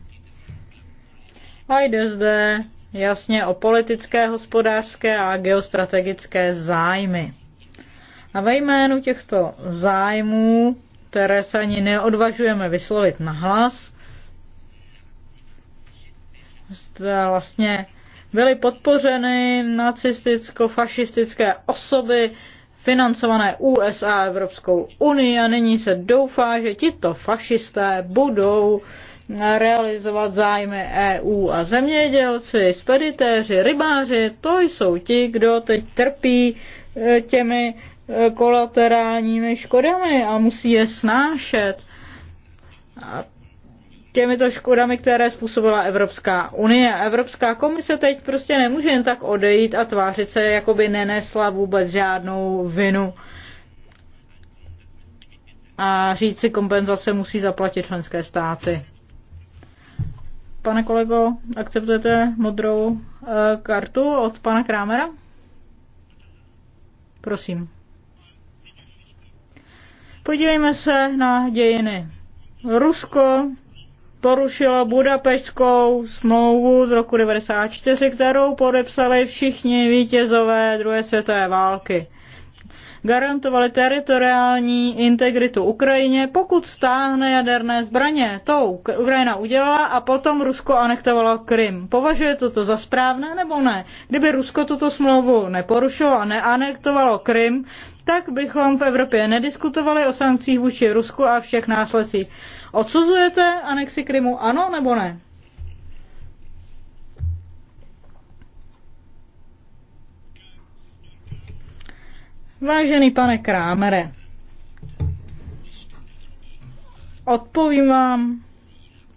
A jde zde jasně o politické, hospodářské a geostrategické zájmy. A ve jménu těchto zájmů, které se ani neodvažujeme vyslovit na hlas, vlastně byly podpořeny nacisticko-fašistické osoby financované USA a Evropskou unii a nyní se doufá, že tito fašisté budou realizovat zájmy EU a zemědělci, speditéři, rybáři, to jsou ti, kdo teď trpí e, těmi e, kolaterálními škodami a musí je snášet. A těmito škodami, které způsobila Evropská unie. Evropská komise teď prostě nemůže jen tak odejít a tvářit se, jako by nenesla vůbec žádnou vinu. A říci kompenzace musí zaplatit členské státy. Pane kolego, akceptujete modrou eh, kartu od pana Krámera? Prosím. Podívejme se na dějiny. Rusko porušilo Budapešskou smlouvu z roku 1994, kterou podepsali všichni vítězové druhé světové války garantovali teritoriální integritu Ukrajině, pokud stáhne jaderné zbraně. To Ukrajina udělala a potom Rusko anektovalo Krym. Považuje toto za správné nebo ne? Kdyby Rusko tuto smlouvu neporušilo a neanektovalo Krym, tak bychom v Evropě nediskutovali o sankcích vůči Rusku a všech následcích. Odsuzujete anexi Krymu ano nebo ne? Vážený pane Krámere, odpovím vám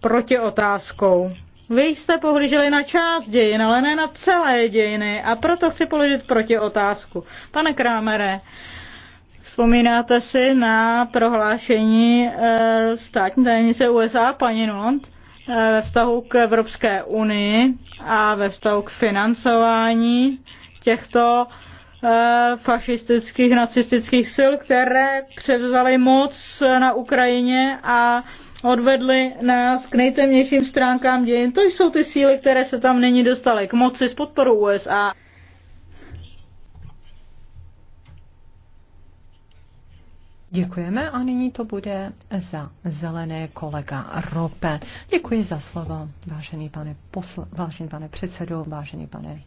proti otázkou. Vy jste pohlíželi na část dějin, ale ne na celé dějiny a proto chci položit proti otázku. Pane Krámere, vzpomínáte si na prohlášení e, státní tajemnice USA paní Nuland e, eh, ve vztahu k Evropské unii a ve vztahu k financování těchto e, Eh, fašistických, nacistických sil, které převzaly moc na Ukrajině a odvedly nás k nejtemnějším stránkám dějin. To jsou ty síly, které se tam nyní dostaly k moci s podporou USA. Děkujeme a nyní to bude za zelené kolega Rope. Děkuji za slovo, vážený pane, posl- vážený pane předsedo, vážený pane,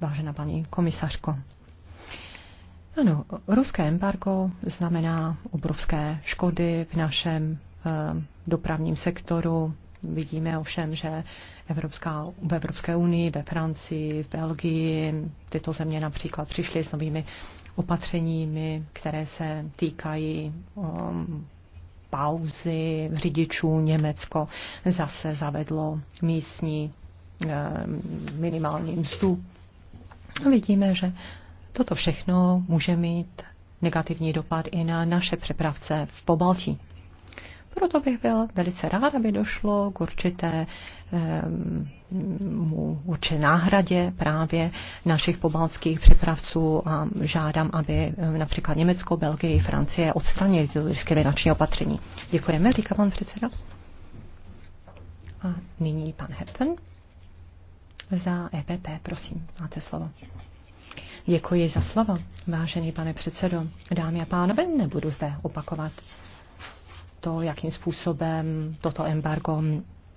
vážená paní komisařko. Ano, ruské embargo znamená obrovské škody v našem eh, dopravním sektoru. Vidíme ovšem, že Evropská, v Evropské unii, ve Francii, v Belgii tyto země například přišly s novými opatřeními, které se týkají um, pauzy řidičů. Německo zase zavedlo místní um, minimální mzdu. Vidíme, že Toto všechno může mít negativní dopad i na naše přepravce v Pobaltí. Proto bych byl velice rád, aby došlo k určité um, určité náhradě právě našich pobaltských přepravců a žádám, aby ehm, například Německo, Belgie i Francie odstranili tyto diskriminační opatření. Děkujeme, říká pan předseda. A nyní pan Hepten za EPP, prosím, máte slovo. Děkuji za slovo, vážený pane předsedo. Dámy a pánové, nebudu zde opakovat to, jakým způsobem toto embargo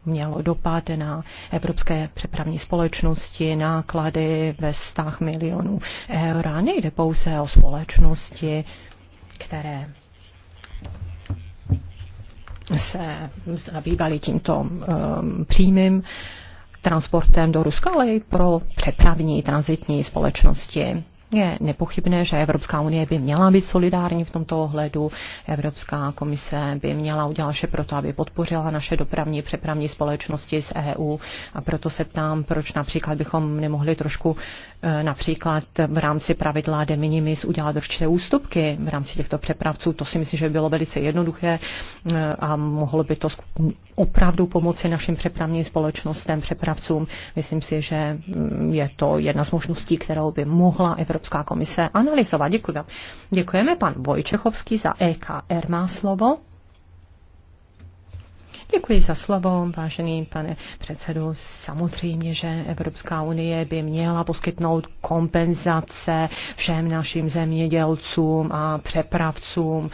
mělo dopad na evropské přepravní společnosti, náklady ve stách milionů eur. nejde pouze o společnosti, které se zabývaly tímto um, přímým transportem do Ruska, ale i pro přepravní transitní společnosti. Je nepochybné, že Evropská unie by měla být solidární v tomto ohledu. Evropská komise by měla udělat vše proto, aby podpořila naše dopravní přepravní společnosti z EU. A proto se ptám, proč například bychom nemohli trošku eh, například v rámci pravidla de minimis udělat určité ústupky v rámci těchto přepravců. To si myslím, že by bylo velice jednoduché eh, a mohlo by to opravdu pomoci našim přepravním společnostem, přepravcům. Myslím si, že mm, je to jedna z možností, kterou by mohla Evropská komise analyzovat. Děkuji vám. Děkujeme pan Vojčechovský za EKR má slovo. Děkuji za slovo, vážený pane předsedu. Samozřejmě, že Evropská unie by měla poskytnout kompenzace všem našim zemědělcům a přepravcům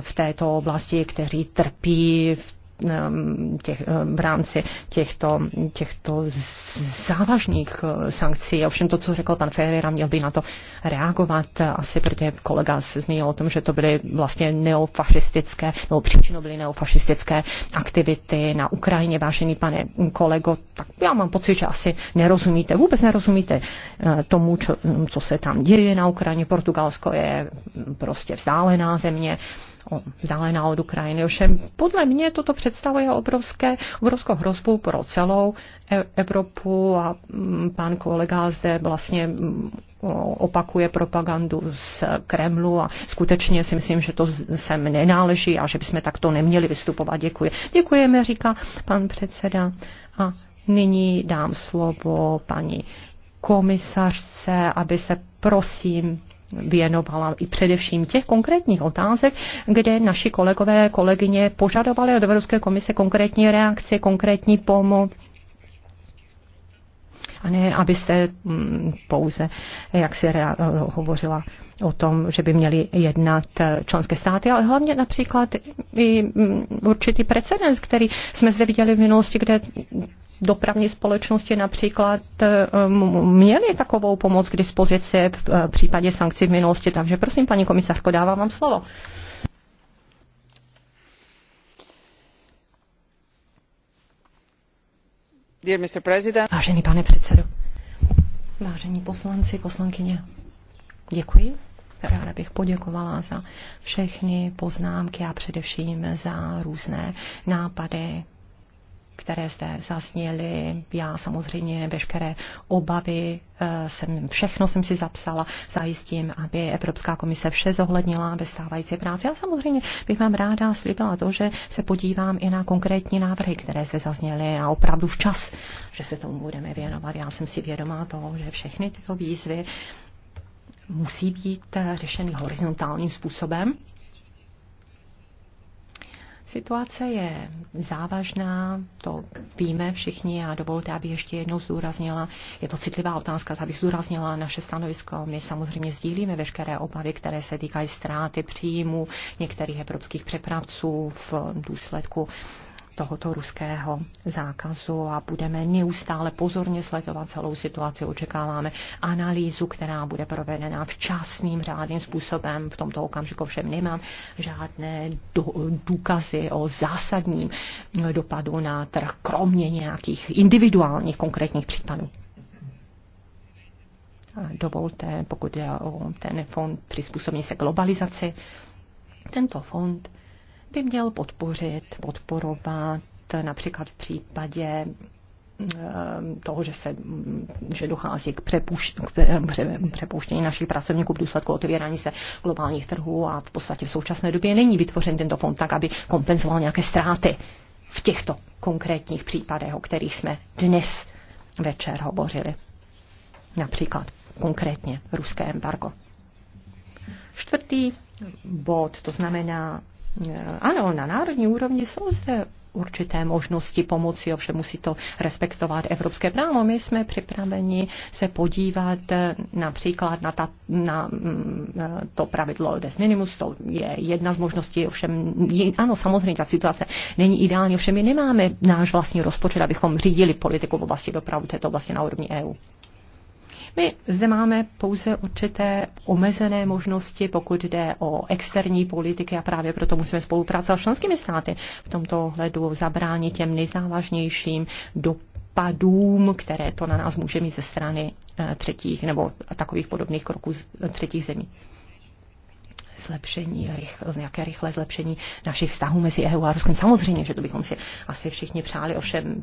v této oblasti, kteří trpí v Um, těch, um, v rámci těchto, těchto závažných uh, sankcí. Ovšem to, co řekl pan Ferreira, měl by na to reagovat asi, protože kolega se zmínil o tom, že to byly vlastně neofašistické, nebo příčinou byly neofašistické aktivity na Ukrajině, vážený pane kolego, tak já mám pocit, že asi nerozumíte, vůbec nerozumíte uh, tomu, co co se tam děje na Ukrajině. Portugalsko je prostě vzdálená země, vzdálená od Ukrajiny. Ovšem podle mě toto představuje obrovské, obrovskou hrozbu pro celou e, Evropu a mm, pan kolega zde vlastně mm, opakuje propagandu z Kremlu a skutečně si myslím, že to sem nenáleží a že bychom takto neměli vystupovat. Děkuji. Děkujeme, říká pan předseda. A nyní dám slovo paní komisařce, aby se prosím věnovala i především těch konkrétních otázek, kde naši kolegové, kolegyně požadovali od Evropské komise konkrétní reakce, konkrétní pomoc. A ne, abyste mm, pouze, jak si hovořila o tom, že by měli jednat eh, členské státy, ale hlavně například i mm, určitý precedens, který jsme zde viděli v minulosti, kde dopravní společnosti například eh, měly takovou pomoc k dispozici v eh, případě sankcí v minulosti. Takže prosím, paní komisařko, dávám vám slovo. Vážený pane předsedo, vážení poslanci, poslankyně, děkuji. Ráda bych poděkovala za všechny poznámky a především za různé nápady, které zde zazněly. Já samozřejmě veškeré obavy eh, jsem, všechno jsem si zapsala, zajistím, aby Evropská komise vše zohlednila ve stávající práci. A samozřejmě bych vám ráda slíbila to, že se podívám i na konkrétní návrhy, které zde zazněly a opravdu včas, že se tomu budeme věnovat. Já jsem si vědomá toho, že všechny tyto výzvy musí být eh, řešeny horizontálním způsobem Situace je závažná, to víme všichni a dovolte, aby ještě jednou zdůraznila, je to citlivá otázka, abych zdůraznila naše stanovisko. My samozřejmě sdílíme veškeré obavy, které se týkají ztráty příjmu některých evropských přepravců v důsledku tohoto ruského zákazu a budeme neustále pozorně sledovat celou situaci. Očekáváme analýzu, která bude provedena včasným řádným způsobem. V tomto okamžiku všem nemám žádné do, důkazy o zásadním dopadu na trh, kromě nějakých individuálních konkrétních případů. dovolte, pokud je o ten fond přizpůsobí se globalizaci, tento fond by měl podpořit, podporovat například v případě eh, toho, že, se, že dochází k, přepuš, k přepuštění našich pracovníků v důsledku otevírání se globálních trhů a v podstatě v současné době není vytvořen tento fond tak, aby kompenzoval nějaké ztráty v těchto konkrétních případech, o kterých jsme dnes večer hovořili. Například konkrétně ruské embargo. Čtvrtý bod, to znamená Eh, ano, na národní úrovni jsou zde určité možnosti pomoci, ovšem musí to respektovat evropské právo. My jsme připraveni se podívat eh, například na, ta, na mm, eh, to pravidlo des minimus, to je jedna z možností, ovšem je, ano, samozřejmě ta situace není ideální, ovšem my nemáme náš vlastní rozpočet, abychom řídili politiku v oblasti dopravu, to je to vlastně na úrovni EU. My zde máme pouze určité omezené možnosti, pokud jde o externí politiky a právě proto musíme spolupracovat s členskými státy v tomto ohledu zabránit těm nejzávažnějším dopadům, které to na nás může mít ze strany eh, třetích nebo takových podobných kroků z eh, třetích zemí zlepšení, rychle, nějaké rychlé zlepšení našich vztahů mezi EU a Ruskem. Samozřejmě, že to bychom si asi všichni přáli, ovšem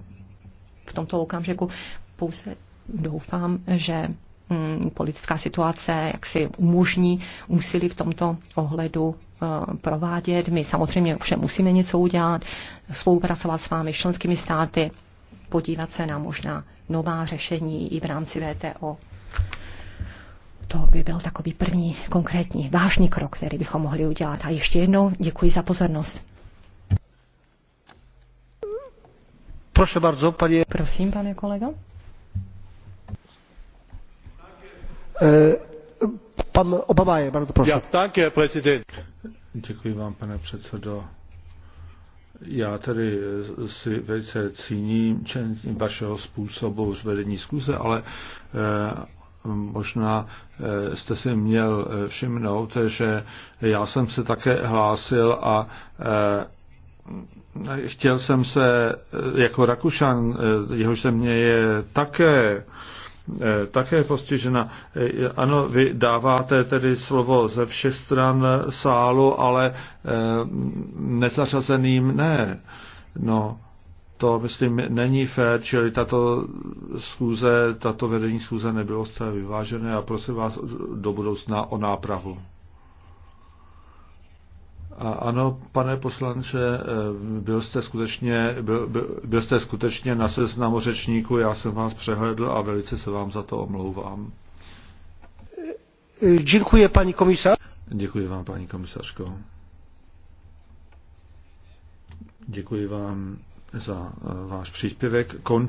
v tomto okamžiku pouze doufám, že mm, politická situace jak si umožní úsilí v tomto ohledu e, provádět. My samozřejmě už musíme něco udělat, spolupracovat s vámi, členskými státy, podívat se na možná nová řešení i v rámci VTO. To by byl takový první konkrétní vážný krok, který bychom mohli udělat. A ještě jednou děkuji za pozornost. Prosím, pane kolego. Eh, bardzo Děkuji vám, pane předsedo. Já tedy si velice cením vašeho způsobu vedení schůze ale eh, možná eh, jste si měl všimnout, že já jsem se také hlásil a chtěl jsem se jako Rakušan, jehož země je také Eh, také postižena. Eh, ano, vy dáváte tedy slovo ze všech stran sálu, ale eh, nezařazeným ne. No, to, myslím, není fér, čili tato schůze, tato vedení schůze nebylo zcela vyvážené a prosím vás do budoucna o nápravu. A ano, pane poslanče, eh, byl jste skutečně, byl, byl jste skutečně na seznamu řečníku, já jsem vás přehledl a velice se vám za to omlouvám. Eh, děkuji, paní komisař. Děkuji vám, paní komisařko. Děkuji vám za eh, váš příspěvek. Končí.